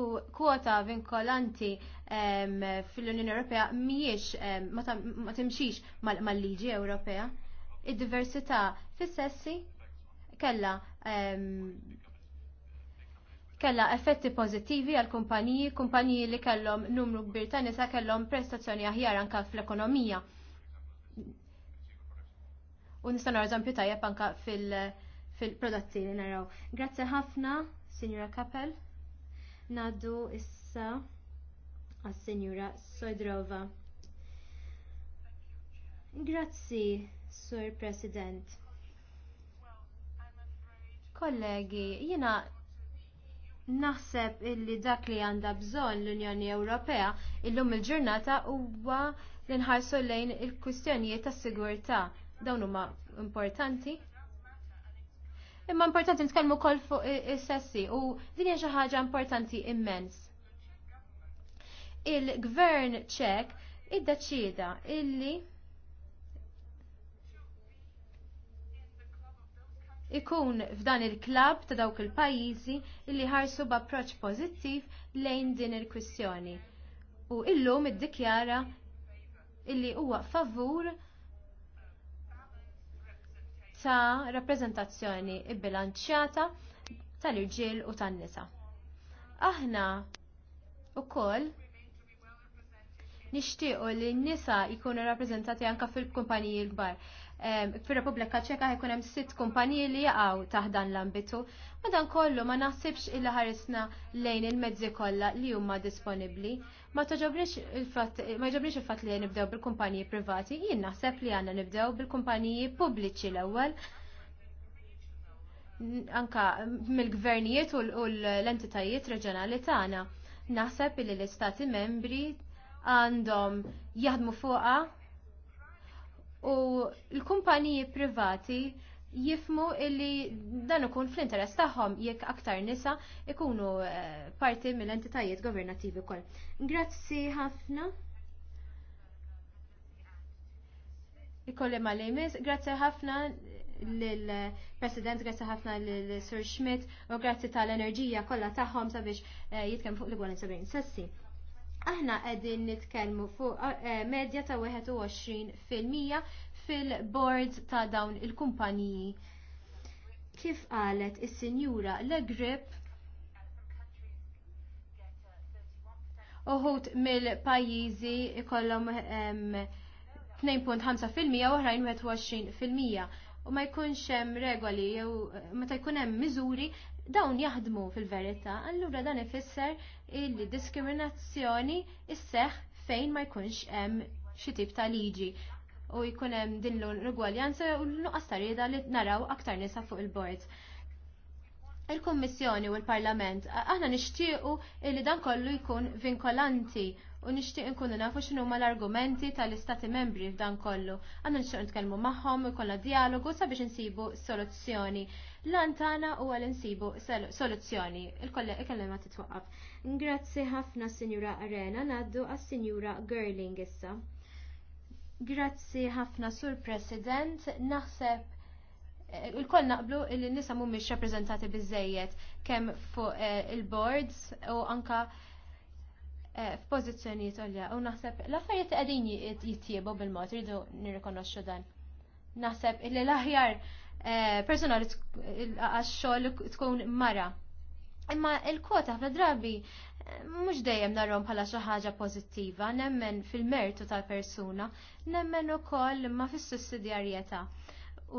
Speaker 4: U kwota vinkolanti fil-Unjoni Ewropea mhijiex ma timxix mal-liġi Ewropea. Id-diversità fis-sessi kella kella effetti pożittivi għal kumpaniji, kumpaniji li kellhom numru kbir ta' nisa kellhom prestazzjoni aħjar anka fl-ekonomija. U nistan nara eżempju tajjeb anka fil-prodotti li naraw. Grazzi ħafna, Signora Kapel. Naddu issa għas-Sinjura Sojdrova. Grazzi, Sur President. Kollegi, jina naħseb illi dak li għandha bżonn l-Unjoni Ewropea illum il-ġurnata huwa li nħarsu lejn il-kwistjonijiet tas sigurtà dawn huma importanti. Imma importanti nitkellmu wkoll fuq is-sessi u din hija xi ħaġa importanti immens. Il-Gvern Ċek iddeċieda illi ikun f'dan il-klab ta' dawk il-pajjiżi illi ħarsu b'approċċ pożittiv lejn din il-kwistjoni. U illum iddikjara illi huwa favur ta' rappreżentazzjoni bilanċjata tal-irġiel u tan-nisa. Aħna ukoll nixtiequ li n-nisa jkunu rappreżentati anke fil-kumpaniji l-kbar fir-Repubblika Ċeka ħekun hemm sitt kumpaniji li jaqgħu taħdan l-ambitu. Madan kollu ma naħsibx illi ħarisna lejn il-mezzi kollha li huma disponibbli. Ma toġobrix il-fatt ma jġobniex il-fatt li nibdew bil-kumpaniji privati, jien naħseb li għandna nibdew bil-kumpaniji pubbliċi l-ewwel anka mill-gvernijiet u l-entitajiet reġjonali tagħna. Naħseb li l-istati membri għandhom jaħdmu fuqha u l-kumpaniji privati jifmu illi dan ikun fl-interess tagħhom jekk aktar nisa ikunu eh, parti mill-entitajiet governattivi wkoll. Grazzi ħafna. Ikolli ma lejmis, grazzi ħafna lill eh, president grazzi ħafna l-Sir Schmidt u grazzi tal-enerġija kollha tagħhom sabiex eh, jitkemm fuq l-gwalenza sabrin sessi. Aħna qegħdin nitkellmu fuq eh, eh, medja ta' 21 fil-mija fil-boards ta' dawn il-kumpaniji. Kif qalet is-Sinjura Le Grip uħut mill-pajjiżi ikollhom 2.5% u oħrajn 21%. U ma jkunx hemm regoli jew eh, meta jkun hemm miżuri dawn jaħdmu fil-verità, allura dan ifisser li diskriminazzjoni isseħ fejn ma jkunx hemm xi tip ta' liġi u jkun hemm din l-ugwaljanza u l-nuqqas tarida li naraw aktar nisa fuq il-bord. Il-Kommissjoni u l-Parlament, aħna nixtiequ li dan kollu jkun vinkolanti u nixtieq nkunu nafu x'inhu l-argumenti tal-Istati membri f'dan kollu. Aħna nixtieq nitkellmu magħhom, u jkollna dialogu sabiex insibu soluzzjoni. Lantana u għal-insibu soluzzjoni. Il-kellima titwaqaf. Grazzi ħafna Sinjura Arena, naddu għas Sinjura Girling issa. Grazzi ħafna Sur President, naħseb eh, il-koll naqblu li nisa mhumiex rappreżentati bizzejiet kemm fuq eh, il-boards u anka eh, f'pożizzjonijiet għolja u naħseb l-affarijiet qegħdin jittiebu bil-mod rridu nirrikonoxxu dan. Naħseb il l-aħjar Eh, personali għax-xogħol tkun mara. Imma il-kota ħafna drabi eh, mhux dejjem narom bħala xi ħaġa pożittiva, nemmen fil-mertu tal-persuna, nemmen ukoll ma fis-sussidjarjetà.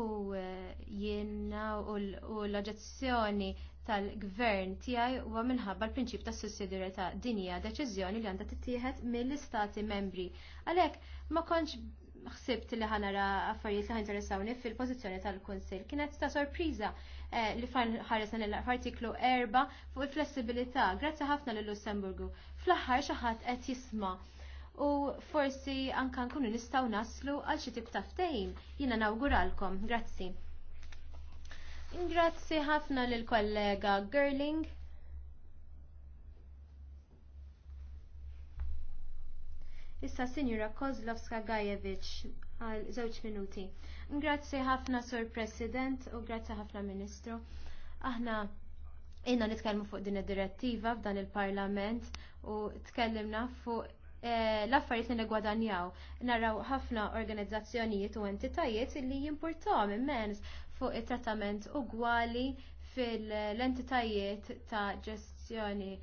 Speaker 4: U eh, jiena u l-oġezzjoni tal-gvern tiegħi huwa minħabba l-prinċip tas sussidjarjetà din hija deċiżjoni li għandha tittieħed mill-istati membri. Għalhekk ma kontx ħsibt li ħanara affarijiet li ħinteressawni fil-pożizzjoni tal-Kunsill. Kienet ta' sorpriża eh, li fan ħaresna l-artiklu 4 fuq il-flessibilità. Grazzi ħafna lil Lussemburgu. Fl-aħħar xi ħadd qed jisma' u forsi anke nkunu nistgħu naslu għal xi tip ta' ftehim. Jiena nawguralkom. Grazzi. Grazzi ħafna lill kollega Gerling. Issa Sinjura Kozlovska Gajevic għal żewġ minuti. Grazzi ħafna Sur President u grazzi ħafna Ministru. Aħna inna nitkellmu fuq din id-direttiva f'dan il-Parlament u tkellimna fuq eh, l-affarijiet li negwadanjaw. Naraw ħafna organizzazzjonijiet u entitajiet li jimportom immens fuq it-trattament ugwali fil-entitajiet ta' ġestjoni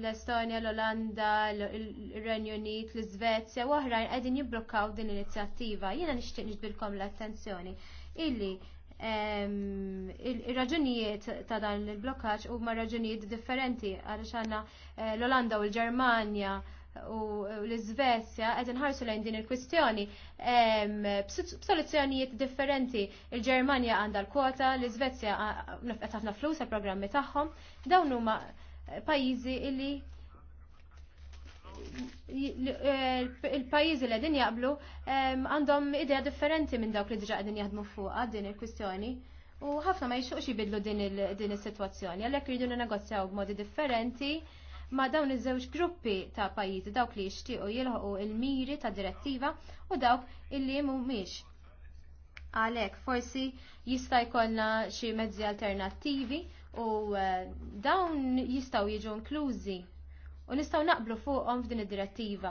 Speaker 4: l-Estonja, l-Olanda, l-Renju Unit, l-Svezja u oħrajn għedin jibblokkaw din l-inizjattiva. Jiena nixtieq nixbilkom l-attenzjoni illi il-raġunijiet ta' dan il u huma raġunijiet differenti għaliex għandna eh, l-Olanda u l-Ġermanja u l-Svezja qed inħarsu lejn din il-kwistjoni Soluzzjonijiet differenti. Il-Ġermanja għandha l-kwota, l-Iżvezja nefqet flus għal programmi tagħhom. Dawn huma pajizi illi il-pajizi li għedin jaqblu għandhom idea differenti minn dawk li diġa għedin jaħdmu fuq din il-kwistjoni u ħafna ma jxuqx jibidlu din il-situazzjoni għalek rridu negozjaw b'modi differenti ma dawn iż-żewġ gruppi ta' pajjiżi dawk li jixtiequ jilħqu il-miri ta' direttiva u dawk illi mhumiex. Għalhekk forsi jista' jkollna xi mezzi alternattivi u eh, dawn jistaw jiġu inklużi u nistaw naqblu fuqhom f'din id-direttiva.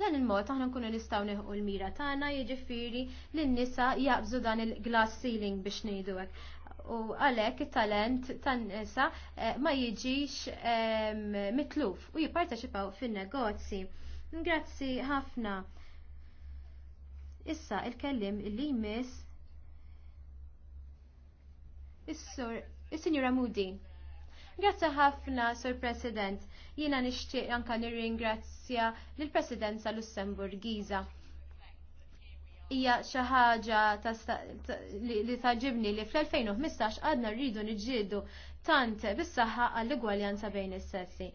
Speaker 4: Dan il-mod aħna nkunu nistaw neħu l-mira tagħna jiġifieri li n nisa jaqbżu dan il-glass ceiling biex ngħidu hekk. U għalhekk it-talent tan-nisa eh, ma jiġix ehm, mitluf u jipparteċipaw fin-negozji. Grazzi ħafna. Issa il-kellim li jmiss Is-sur, is-Sinjura Moody. Grazzi ħafna, Sur President. Jiena nixtieq anka nirringrazzja lill presidenza Lussemburgiża. Hija xi ħaġa li taġibni li fl-2015 għadna rridu niġġieldu tant bis-saħħa għall-igwaljanza bejn is-sessi.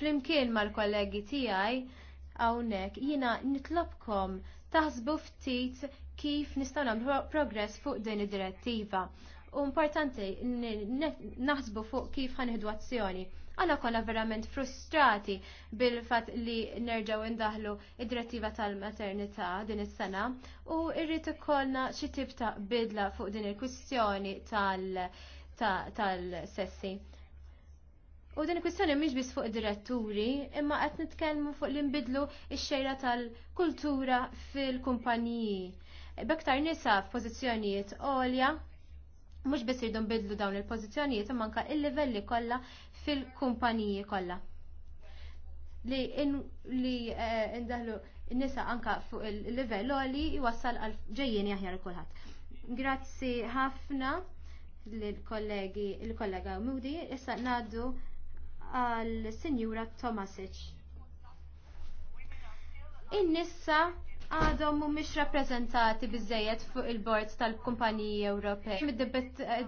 Speaker 4: Flimkien mal-kollegi tiegħi hawnhekk jiena nitlobkom taħsbu ftit kif nistgħu nagħmlu progress fuq din id-direttiva. U importanti naħsbu fuq kif ħanħdu azzjoni. Għana kolla verament frustrati bil-fat li nerġaw indaħlu id-direttiva tal-maternità din is-sena u irrid ikollna xi tip ta' bidla fuq din il-kwistjoni tal-sessi. U din il-kwistjoni mhix biss fuq id-diretturi, imma qed nitkellmu fuq li nbidlu x-xejra tal-kultura fil-kumpaniji. Bektar nisa f'pożizzjonijiet għolja mux biss irdu nbidlu dawn il pozizjonijiet imma anke il-livelli kollha fil-kumpaniji kollha. Li li eh, indaħlu nisa anka fuq il-livell li jwassal għal ġejjien jaħjar kulħadd. Grazzi ħafna l kollegi l kollega Mudi, issa naddu għal senjura Tomasic. In-nissa għadhom mhumiex rappreżentati biżejjed fuq il-bord tal-kumpaniji Ewropej.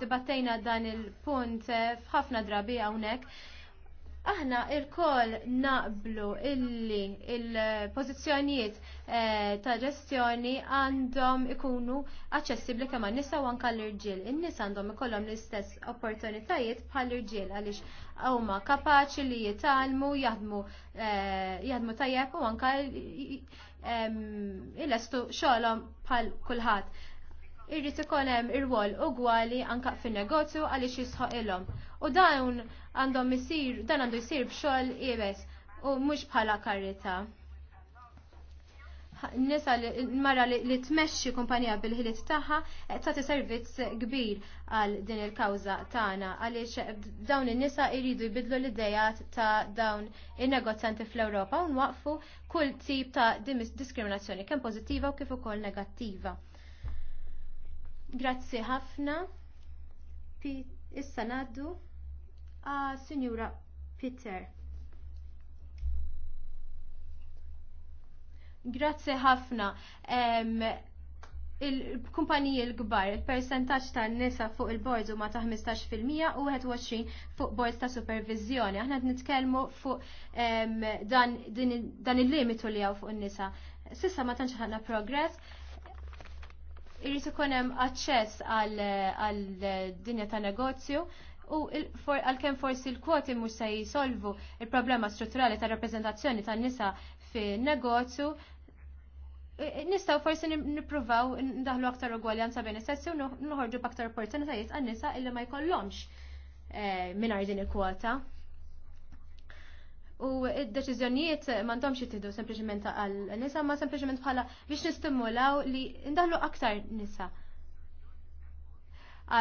Speaker 4: Dibattejna dan il-punt eh, f'ħafna drabi hawnhekk. Aħna il-koll naqblu illi il pożizzjonijiet eh, ta' ġestjoni għandhom ikunu aċċessibbli kemm għan-nisa u anke l-irġiel. In-nisa għandhom ikollhom l-istess opportunitajiet bħall-irġiel għaliex huma kapaċi li jitgħalmu jaħdmu eh, jaħdmu tajjeb u anke il-lestu xolom bħal kulħadd. Irrid ir hemm u ugwali anka fin-negozju għaliex jisħoq ilhom. U dawn għandhom jisir, dan għandu jsir b'xogħol ibes u mhux bħala karrita nisa mara li tmexxi kumpanija bil-ħiliet tagħha qed eh, tagħti servizz kbir għal din il-kawża tagħna għaliex eh, dawn in-nisa jridu jbidlu l-idejat ta' dawn in-negozjanti fl-Ewropa u nwaqfu kull tip ta' diskriminazzjoni kemm pożittiva u kif ukoll negattiva. Grazzi ħafna. Issa ngħaddu a' Sinjura Peter. Grazzi ħafna. Il-kumpaniji l gbar il-percentaċ ta' nisa fuq il-boards huma ta' 15% u 21 fuq boards ta' supervizjoni. Aħna nitkellmu fuq dan il-limitu li għaw fuq in-nisa. Sissa ma tantx ħadna progress. Irrid ikun hemm aċċess għal dinja ta' negozju u għalkemm forsi l-kwoti mhux se jisolvu il-problema strutturali ta' rappreżentazzjoni tan-nisa fin negozju Nistaw forsi nipruvaw ndaħlu aktar ugwaljanza bejn is-sessi u noħorġu b'aktar opportunitajiet għan-nisa illi ma jkollhomx eh, mingħajr din il-kwota. U id-deċiżjonijiet m'għandhomx jittieħdu sempliċement għal nisa ma sempliċement bħala biex nistimulaw li ndaħlu aktar nisa.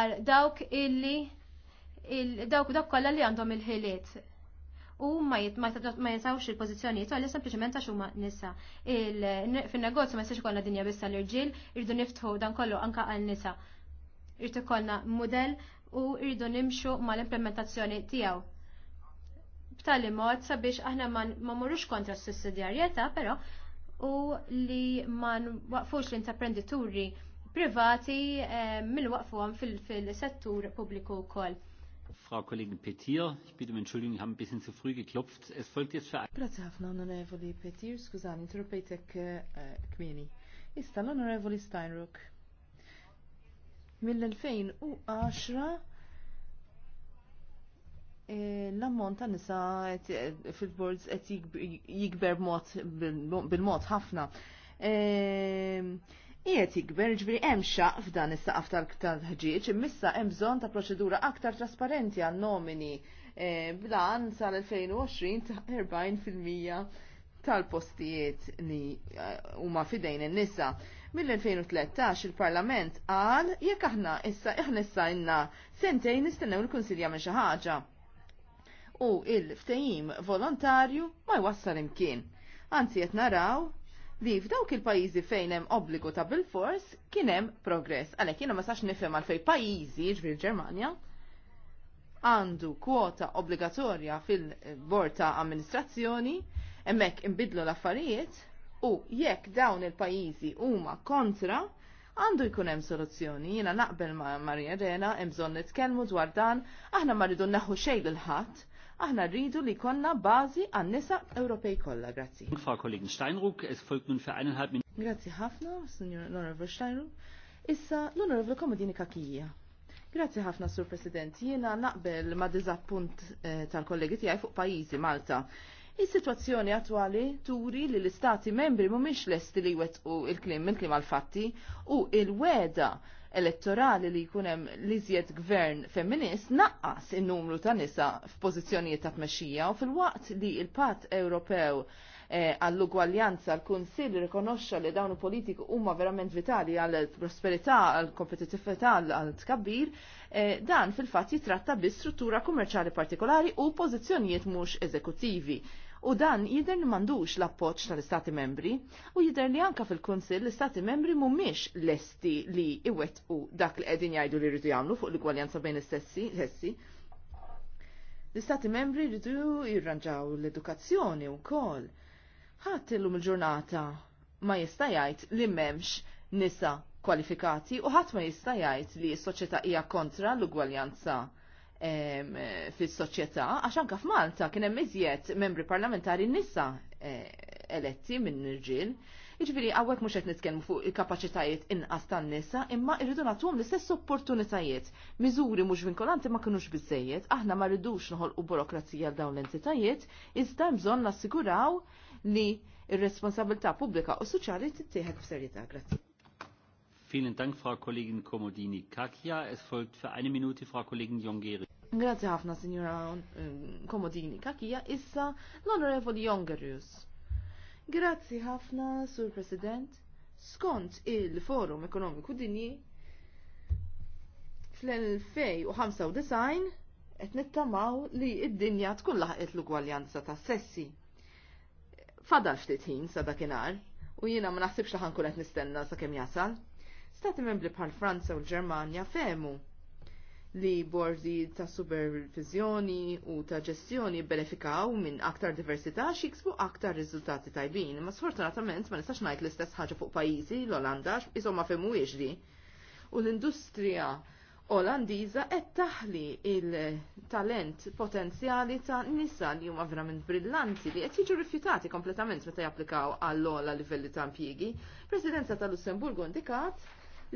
Speaker 4: Għal dawk illi dawk dawk kollha li għandhom il-ħiliet u ma jinsawx il-pozizjonijiet għalli sempliciment għax huma nisa. Fin-negozju ma jistax konna dinja bissa l-irġiel, irdu niftħu dan kollu anka għal nisa. Irdu ikollna model u irdu nimxu mal-implementazzjoni tiegħu. B'tali mod sabiex aħna ma morrux kontra s-sussidjarjetà, però u li ma nwaqfux l-intraprendituri privati eh, mill-waqfu fil-settur pubbliku wkoll
Speaker 2: Frau Kollegin Petir, ich bitte um Entschuldigung, ich habe ein bisschen zu früh geklopft. Es folgt jetzt für...
Speaker 3: Grazie ħafna, onorevoli Petir, scusami, interrumpejtek kmini. Ista l-onorevoli Steinruck. Mill-2010 l-ammont ta' nisa fil-boards qed jikber bil-mod ħafna. Jiet jikber ġviri hemm xaq f'dan is-saqaf tal-ħġieġ, immissa hemm bżonn ta' proċedura aktar trasparenti għal nomini e, blan sal-2020 40% tal-postijiet li e, huma fidejn in-nisa. Mill-2013 il-Parlament qal jekk aħna issa aħna inna sentejn nistennew il-Kunsilja minn xi ħaġa. U il-ftehim volontarju ma jwassal imkien. Anzi qed naraw li f'dawk il-pajjiżi fejn hemm obbligu ta' bil-fors kien hemm progress. Għalhekk jiena ma sax nifhem għal fejn pajjiżi ġbir Ġermanja għandu kwota obbligatorja fil-bord ta' amministrazzjoni, hemmhekk inbidlu l-affarijiet u jekk dawn il-pajjiżi huma kontra, għandu jkun hemm soluzzjoni. Jiena naqbel ma' Marja Rena hemm bżonn nitkellmu dwar dan, aħna ma rridu naħu xejn lil ħadd aħna rridu li konna bażi għan-nisa Ewropej kollha. Grazzi.
Speaker 2: Grazzi ħafna,
Speaker 3: Signor Honorable Steinruck. Issa l-Honorable Komodini Kakija. Grazzi ħafna, Sur President. Jiena naqbel ma' diżappunt eh, tal-kollegi tiegħi fuq pajjiżi Malta. Is-sitwazzjoni attwali turi li l-istati membri mhumiex lesti li u il-klim mill-klim għal-fatti u il-weda elettorali li jkunem liżjed gvern femminist naqqas il-numru ta' nisa f'pożizzjonijiet ta' tmexxija u fil-waqt li il-Pat Ewropew eh, għall-ugwaljanza l-Kunsill rikonoxxa li dawn il-politiku huma verament vitali għal prosperità għal kompetitività għal tkabbir, eh, dan fil-fatt jitratta bi struttura kummerċali partikolari u pożizzjonijiet mhux eżekuttivi. U dan jidher li m'għandux l-appoġġ tal-Istati membri u jidher li anka fil-Kunsill l-Istati membri mhumiex lesti li iwettqu dak li qegħdin jgħidu li jridu jagħmlu fuq l-igwaljanza bejn is-sessi. L-Istati membri jridu jirranġaw l-edukazzjoni wkoll. Ħadd illum il-ġurnata ma jista' jgħid li m'hemmx nisa kwalifikati u ħadd ma jista' jgħid li s-soċjetà hija kontra l-ugwaljanza fis-soċjetà għax anke f'Malta kien hemm iżjed membri parlamentari nisa eh, eletti minn irġiel. Jiġifieri hawnhekk mhux qed nitkellmu fuq il-kapaċitajiet inqas tan-nisa, imma rridu nagħtuhom l-istess opportunitajiet. Miżuri mhux vinkolanti ma kinux biżejjed, aħna ma rridux noħolqu burokrazija dawn l-entitajiet, iżda bżonn nassiguraw li r responsabilità pubblika u soċjali tittieħed b'serjetà. Grazzi.
Speaker 2: Vielen Dank, Frau Kollegin Komodini Kakia. Es folgt für eine Minute Frau Kollegin Jongeri.
Speaker 3: Grazie ħafna, signora um, Komodini Kakia. Issa l-Onorevoli Jongerius. Grazzi ħafna, Sur President. Skont il-Forum Ekonomiku Dinji fl-2095 qed nittamaw li id-dinja tkun laħqet l-ugwaljanza ta' sessi. Fadal ftit ħin sa dakinhar u jiena ma naħsibx laħan ħankun qed nistenna sa kem jasal. Stati membri bħal Franza u l-Ġermanja fehmu li bordi ta' supervizjoni u ta' ġestjoni benefikaw minn aktar diversità xiksbu aktar riżultati tajbin. Ma sfortunatament ma nistax ngħid l-istess ħaġa fuq pajjiżi l-Olanda isom ma femmu li. U l-industrija Olandiża qed taħli il-talent potenzjali ta' nisa li huma verament brillanti li qed jiġu rifjutati kompletament meta japplikaw għall-ola livelli ta' impjiegi. Presidenza tal-Lussemburgu indikat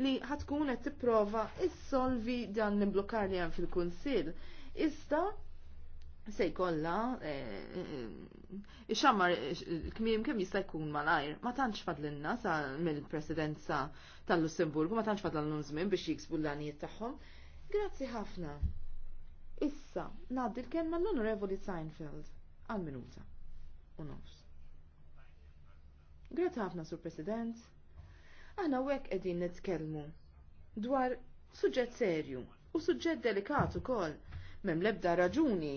Speaker 3: li ħatkun qed tipprova issolvi dan l-imblukkar li hemm fil-Kunsill. issa se jkollha eh, eh, ixammar eh, kmiem kemm jista' jkun malajr. Ma tantx fadlinna sa mill-Presidenza tal-Lussemburgu, ma tantx fadlanna żmien biex jiksbu l-għanijiet tagħhom. Grazzi ħafna. Issa, ngħaddi l-kelma l-Onorevoli Seinfeld għal minuta u nofs. Grazzi ħafna, Sur President. Aħna hekk qegħdin nitkellmu dwar suġġett serju u suġġett delikat ukoll m'hemm l-ebda raġuni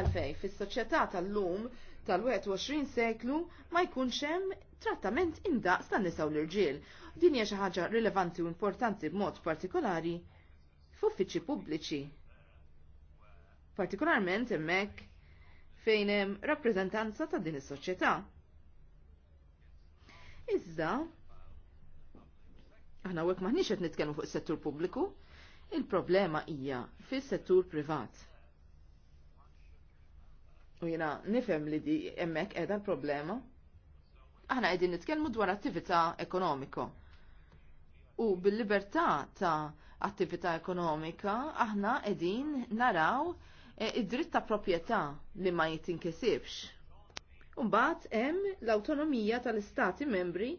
Speaker 3: għalfej fis-soċjetà tal-lum tal-21 seklu ma jkunx hemm trattament indaqs tan nisaw l-irġiel. Din hija xi ħaġa rilevanti u importanti b'mod partikolari f'uffiċċji pubbliċi. Partikolarment hemmhekk fejn hemm rappreżentanza ta' din is-soċjetà. Iżda, Aħna għek maħniċ qed nitkenu fuq settur pubbliku, il-problema hija fis-settur privat. U jena nifem li di emmek edha l-problema. Aħna għedin nitkelmu dwar attività ekonomiko. U bil-libertà ta' attività ekonomika, aħna edin naraw eh, id-dritt ta' proprjetà li ma jitinkisibx. bat hemm l-autonomija tal-istati membri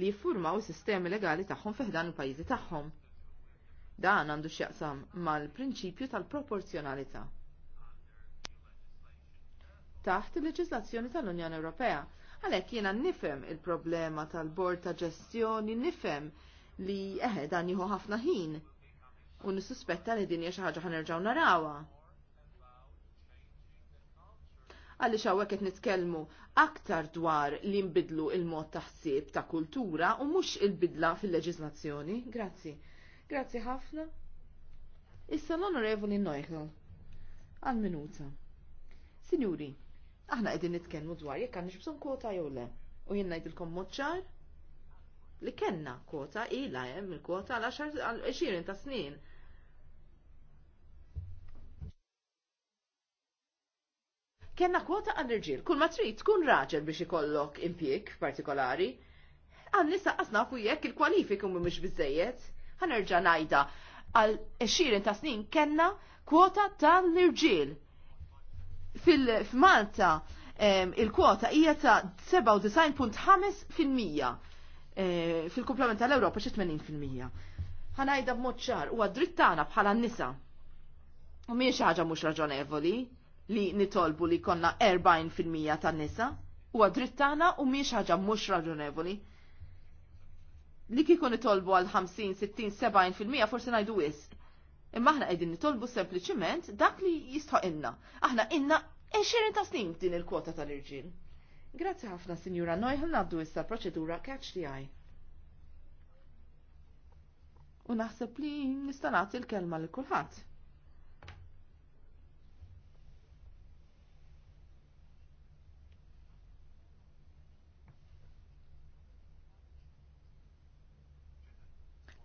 Speaker 3: li jiffurmaw is-sistemi legali tagħhom ħdan il-pajjiżi tagħhom. Dan għandu x'jaqsam mal-prinċipju tal-proporzjonalità. Taħt il-leġislazzjoni tal-Unjoni Ewropea, għalhekk jiena nifhem il-problema tal-bord ta' ġestjoni, nifhem li eħe dan jieħu ħafna ħin u nissuspetta li din hija xi ħaġa ħanerġgħu narawha għaliex hawnhekk qed nitkellmu aktar dwar li nbidlu il-mod taħsib ta' kultura u mhux il-bidla fil-leġiżlazzjoni. Grazzi. Grazzi ħafna. Issa l-Onorevoli Neuchel għal minuta. Sinjuri, aħna qegħdin nitkellmu dwar jekk għandix bżonn kwota jew le. U jien ngħidilkom mod ċar li kenna kwota ila hemm il-kwota għal 20 ta' snin Kienna kwota għal rġil kull ma trid tkun raġel biex ikollok impjek partikolari. Għan nisa qasna fu jekk il-kwalifiku mhumiex biżejjed. Ħanerġa' ngħidha għal 20 ta' snin kenna kwota tal l Fil-Malta il-kwota hija ta' 97.5 fil-mija. Fil-komplement tal-Ewropa xi 80 fil-mija. Ħanajda b'mod ċar huwa drittana bħala nisa. U mhijiex ħaġa mhux raġonevoli li nitolbu li konna 40% tan nisa u għadrittana u miex ħaġa mux raġunevoli. Li kiku nitolbu għal 50, 60, 70% forse najdu wis. Imma aħna qegħdin nitolbu sempliciment dak li jistħoq inna. Aħna inna 20 ta' snin din il-kwota tal-irġiel. Grazzi ħafna, Sinjura Nojħel naddu issa proċedura catch the eye. U naħseb li nistanat il-kelma li kulħadd.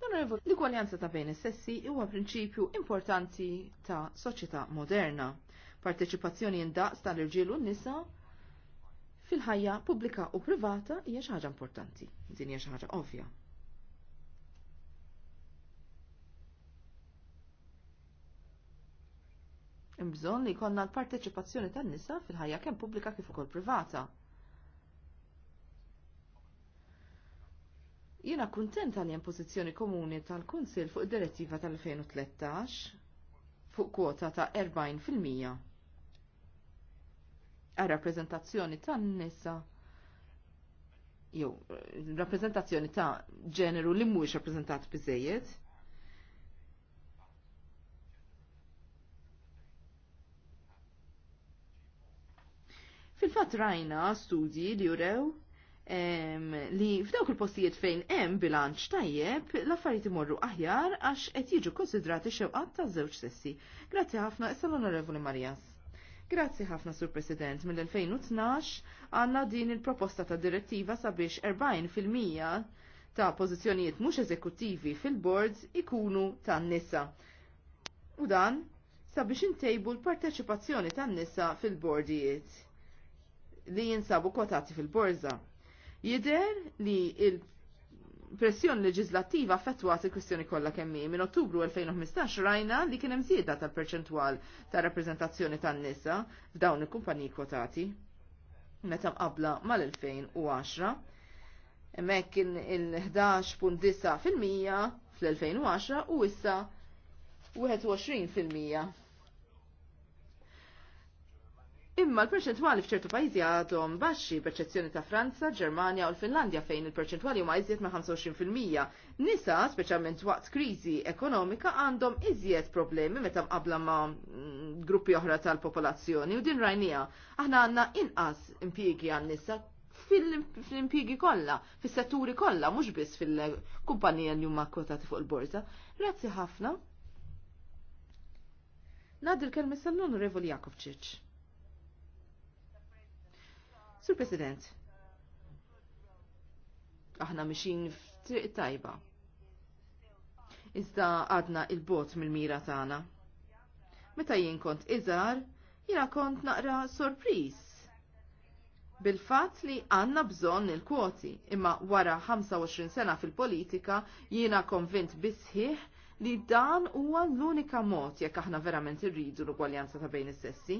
Speaker 3: Onorevoli, l-igwaljanza ta' bejn is-sessi huwa prinċipju importanti ta' soċjetà moderna. Parteċipazzjoni indaqs tal-irġiel u n-nisa fil-ħajja pubblika u privata hija xi ħaġa importanti. Din hija xi ħaġa ovvja. Imbżon li jkollna l-parteċipazzjoni tan-nisa fil-ħajja kemm pubblika kif ukoll privata. Jiena kuntent għal hemm pożizzjoni komuni tal kunsil fuq id-direttiva tal-2013 fuq kwota ta' 40% għal rappreżentazzjoni tan-nisa jew rappresentazzjoni ta' ġeneru li mhuwiex rappreżentat biżejjed. Fil-fatt rajna studji li jurew eh, li f'dawk il-postijiet fejn hemm bilanċ tajjeb, l-affarijiet imorru aħjar għax qed jiġu konsidrati xewqat ta' żewġ sessi. Grazzi ħafna issa l-Onorevoli Marjas. Grazzi ħafna, Sur President, mill-2012 għanna din il-proposta ta' direttiva sabiex 40% ta' pożizzjonijiet mhux eżekuttivi fil-boards ikunu tan nisa. U dan sabiex intejbu l-parteċipazzjoni tan nisa fil-bordijiet li jinsabu kotati fil-borza. Jider li il-pressjoni leġislattiva affettwat il-kwistjoni kollha kemm minn Ottubru 2015 rajna li kien hemm żieda tal-perċentwal ta' rappreżentazzjoni tan-nisa f'dawn il-kumpaniji kwotati meta mqabbla mal-2010. Hemmhekk kien il-11.9 fil-mija fl-2010 u issa 21 fil-mija Imma l-perċentwali f'ċertu pajjiżi għadhom baxxi perċezzjoni ta' Franza, Ġermanja u l-Finlandja fejn il-perċentwali huma iżjed ma' 25%. Nisa, speċjalment waqt kriżi ekonomika, għandhom iżjed problemi meta mqabla ma' mm, gruppi oħra tal-popolazzjoni u din rajnija. Aħna għandna inqas impjiegi għan-nisa fil-impjiegi kollha, fis-setturi kollha, mhux biss fil-kumpanija li huma kwotati fuq il-borza. Grazzi ħafna. Nad kelmis kelmi sal-onorevoli Jakovčić. Sur President, aħna mixin f'triq tajba. Iżda għadna il-bot mill-mira tagħna. Meta jien kont iżar, jiena kont naqra sorpriż. Bil-fatt li għanna bżonn il-kwoti, imma wara 25 sena fil-politika jiena konvint bisħiħ li dan huwa l-unika mod jekk aħna verament irridu l-ugwaljanza ta' bejn is-sessi,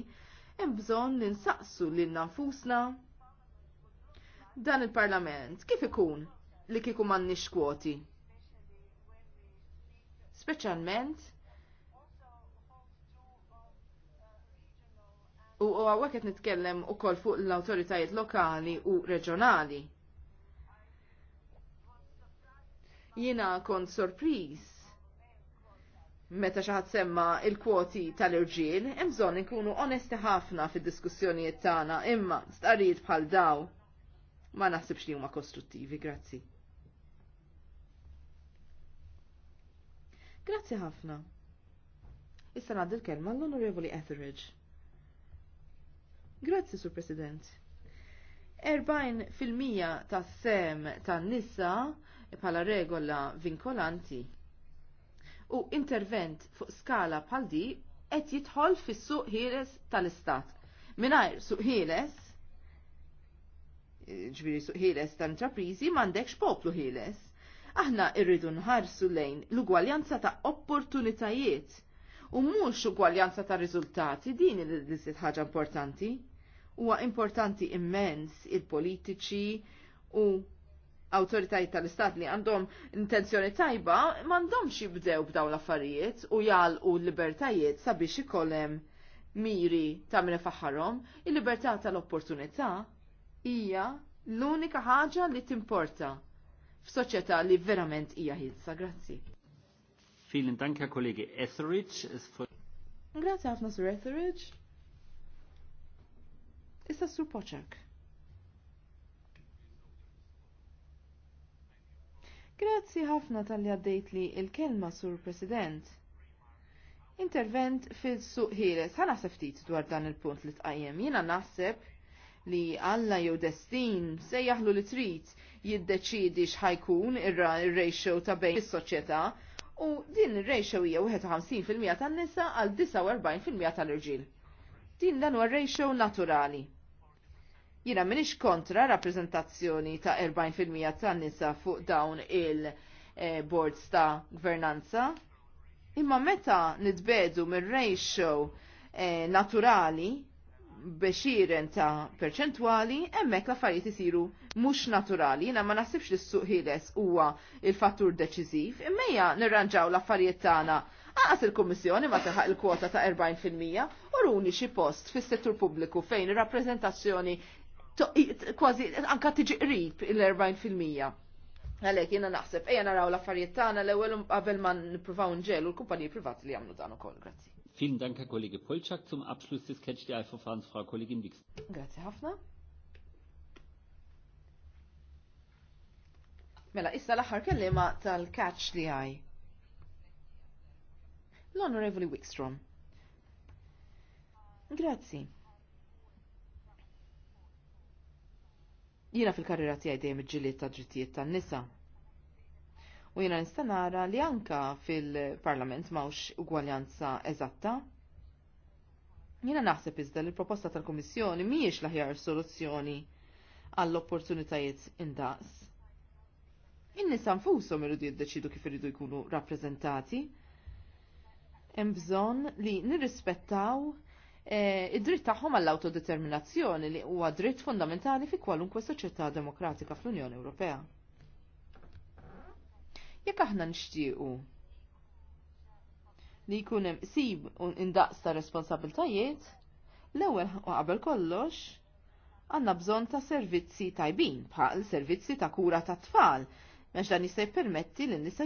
Speaker 3: hemm bżonn li nsaqsu lil nafusna dan il-parlament kif ikun li kieku m'għandniex kwoti? Speċjalment u għawek qed nitkellem ukoll fuq l-awtoritajiet lokali u reġjonali. Jiena kont sorpriz. meta xaħat semma il-kwoti tal-irġiel, hemm bżonn onesti ħafna fid-diskussjonijiet tagħna imma stqarrijiet bħal daw ma naħsibx li huma kostruttivi, grazzi. Grazzi ħafna. Issa ngħaddi l-kelma l-Onorevoli Etheridge. Grazzi, Sur President. 40% tas sem tan nisa bħala regola vinkolanti u intervent fuq skala bħal di qed jidħol fis-suq ħieles tal-istat. Mingħajr suq ħieles ġviri suħiles ħieles ta' intraprizi m'għandekx poplu ħieles. Aħna irridu nħarsu lejn l-ugwaljanza ta' opportunitajiet u mhux ugwaljanza ta' riżultati din li ħaġa importanti. Huwa importanti immens il-politiċi u autoritajiet tal-istat li għandhom intenzjoni tajba m'għandhomx jibdew b'dawn l-affarijiet u jgħalqu l-libertajiet sabiex ikollem miri ta' minn faħħarhom, il-libertà tal-opportunità hija l-unika ħaġa li timporta f'soċjetà li verament hija ħilsa. Grazzi.
Speaker 2: Filin tanka kollegi Etheridge.
Speaker 3: Grazzi ħafna Sur Etheridge. Issa Sur Poċek. Grazzi ħafna tal-li għaddejt li il-kelma Sur President. Intervent fil-suq ħieles, ħana ftit dwar dan il-punt li tqajjem. Jina naħseb li Alla jew destin se jaħlu li trid jiddeċidi x'ħajkun ir-ratio ta' bejn is-soċjetà u din ir-ratio hija 51% tan-nisa għal 49% tal-irġiel. Din dan huwa ratio naturali Jiena m'iniex kontra rappreżentazzjoni ta' 40% tan nisa fuq dawn il-boards eh, ta' gvernanza. Imma meta nitbedu mir ratio eh, naturali, bexiren ta' perċentwali, emmek l-affarijiet isiru mhux naturali, jiena ma nasibx li s-suq ħieles huwa il-fattur deċiżiv, imma nirranġaw l-affarijiet tagħna Għas il komissjoni ma teħa il-kwota ta' 40% u runi xi post fis-settur pubbliku fejn ir-rappreżentazzjoni kważi anka tiġi qrib il-40%. Għalek, jena naħseb, ejja naraw l-affarijiet tagħna l-ewwel qabel ma nippruvaw nġelu l kumpanji privati li jagħmlu dan ukoll. Grazzi.
Speaker 2: Vielen Dank, Herr Kollege Polczak. Zum Abschluss des Catch the verfahrens Frau Kollegin Wix.
Speaker 3: Grazie, Hafner. Mela, issa l-aħħar kellima tal-catch the eye. L-Onorevoli Wickstrom. Grazzi. Jina fil-karriera tiegħi dejjem il-ġiliet ta' drittijiet tan-nisa u jina nistanara li anka fil-parlament mawx ugwaljanza eżatta. Jina naħseb iżda li proposta tal-Komissjoni miex laħjar soluzzjoni għall-opportunitajiet indaqs. In-nisa nfushom irridu jiddeċidu kif iridu jkunu rappreżentati. Hemm bżonn li nirrispettaw eh, id-dritt tagħhom għall autodeterminazzjoni li huwa dritt fundamentali fi kwalunkwe soċjetà demokratika fl-Unjoni Ewropea. Jekk aħna nixtiequ li jkun hemm sib u indaqs ta' responsabiltajiet, l-ewwel qabel kollox għandna bżonn ta' servizzi tajbin bħal servizzi ta' kura ta' tfal għax dan jista' jippermetti li nisa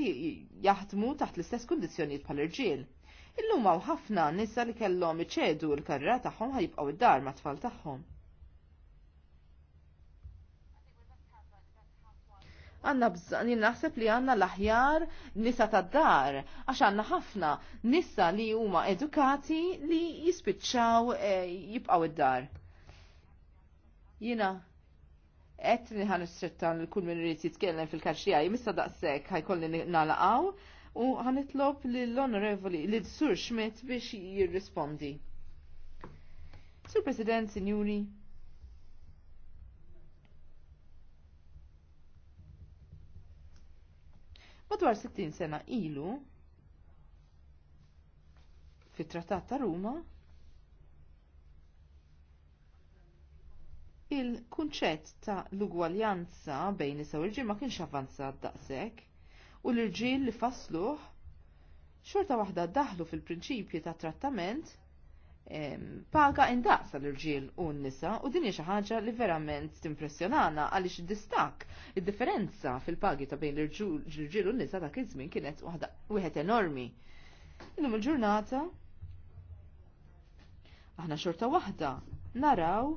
Speaker 3: jaħdmu taħt l-istess kundizzjonijiet bħall irġiel. Illum hawn ħafna nisa li kellhom iċedu l-karriera tagħhom ħajibqgħu id-dar mat-tfal tagħhom. għanna bżon, naħseb li għanna l-aħjar nisa ta' dar, għax għanna ħafna nisa li huma edukati li jispiċċaw eh, jibqaw id-dar. Jina, qed s istretta l kull min irid jitkellem fil-kaxxija, jimissa daqshekk ħajkolli nalaqaw u ħanitlob lill-onorevoli d Sur Schmidt biex jirrispondi. Sur President, Signori, Madwar 60 sena ilu, fit-Trattat ta' Ruma, il-kunċett ta' l-ugwaljanza bejn nisa u l-ġil ma kienx avvanzat daqshekk u l-irġiel li fasluh xorta waħda daħlu fil-prinċipji ta' trattament paga indaqsa l-irġiel u n-nisa u din xi ħaġa li verament timpressjonana għaliex id-distak, id-differenza fil-pagi ta' bejn l-irġiel u n-nisa ta' iż-żmien kienet waħda wieħed enormi. Illum il-ġurnata aħna xorta waħda naraw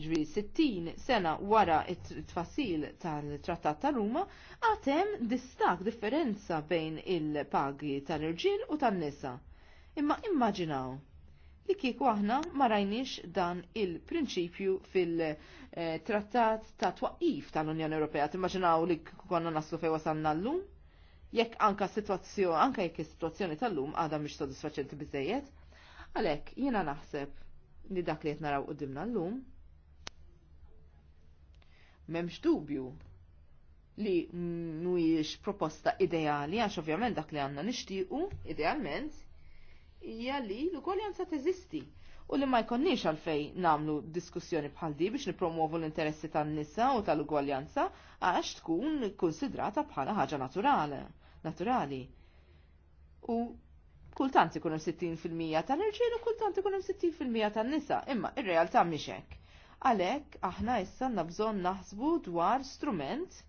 Speaker 3: ġviri 60 sena wara it-tfasil tal-Trattat ta' Ruma, għatem distak differenza bejn il-pagi tal-irġil u tan-nisa. Imma immaġinaw, li kieku aħna ma rajniex dan il-prinċipju fil-trattat ta' twaqif tal-Unjoni Ewropea. Timmaġinaw li konna naslu fej wasanna l-lum? Jekk anka situazzjoni, anka jekk is-sitwazzjoni tal-lum għadha mhix sodisfaċenti biżejjed, għalhekk jiena naħseb li dak li qed naraw l llum m'hemmx dubju li mhuwiex proposta ideali għax ovvjament dak li għandna nixtiequ idealment hija li l-ugwaljanza teżisti u li ma jkonniex għalfej namlu diskussjoni bħal di biex nipromuovu l-interessi tan-nisa u tal-ugwaljanza għax tkun konsidrata bħala ħaġa naturali. naturali. U kultant ikun hemm 60% tal-irġiel u kultant ikun 60% tan-nisa, imma ir-realtà mhix hekk. Għalhekk aħna issa nabżon naħsbu dwar strument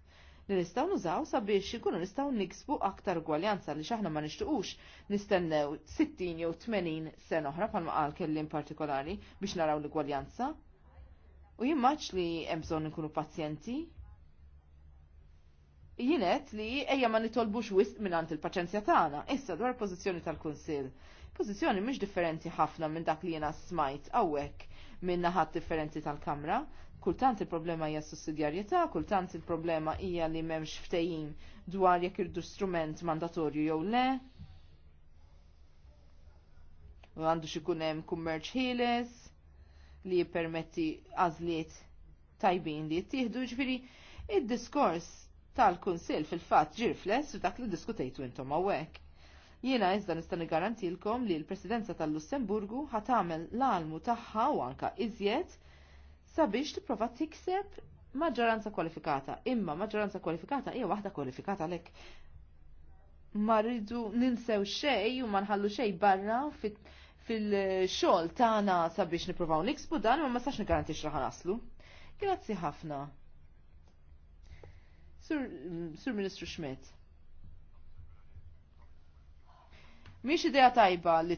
Speaker 3: li nistgħu nużaw sabiex ikunu nistgħu niksbu aktar gwaljanza li xaħna ma nishtuqux nistennew 60 jew 80 sena oħra bħalma qal kellim partikolari biex naraw l-gwaljanza. U jimmaċ li hemm bżonn nkunu pazjenti, jienet li ejja ma nitolbux wist minant il-paċenzja tagħna. Issa dwar pożizzjoni tal-Kunsill. Pożizzjoni mhix differenti ħafna minn dak li jiena smajt hawnhekk minn naħat differenti tal-Kamra. Kultant il-problema hija sussidjarjetà, kultant il-problema hija li m'hemmx ftehim dwar jekk irdu strument mandatorju jew le. U għandu xikun hemm kummerċ ħieles li jippermetti għażliet tajbin li jittieħdu ġifieri id-diskors tal-Kunsill fil-fatt fless u dak li diskutejtu intom hawnhekk. Jiena iżda nista' nigarantilkom li l-Presidenza tal-Lussemburgu ħatamel l-almu tagħha u anke iżjed sabiex tipprova tikseb maġġoranza kwalifikata. Imma maġġoranza kwalifikata hija waħda kwalifikata lek. Ma rridu ninsew xej u ma nħallu xej barra fil-xogħol tagħna sabiex nippruvaw niksbu dan ma ma sax nigarantix raħan aslu. Grazzi ħafna. Sur, Sur Ministru Schmidt. Miex idea tajba li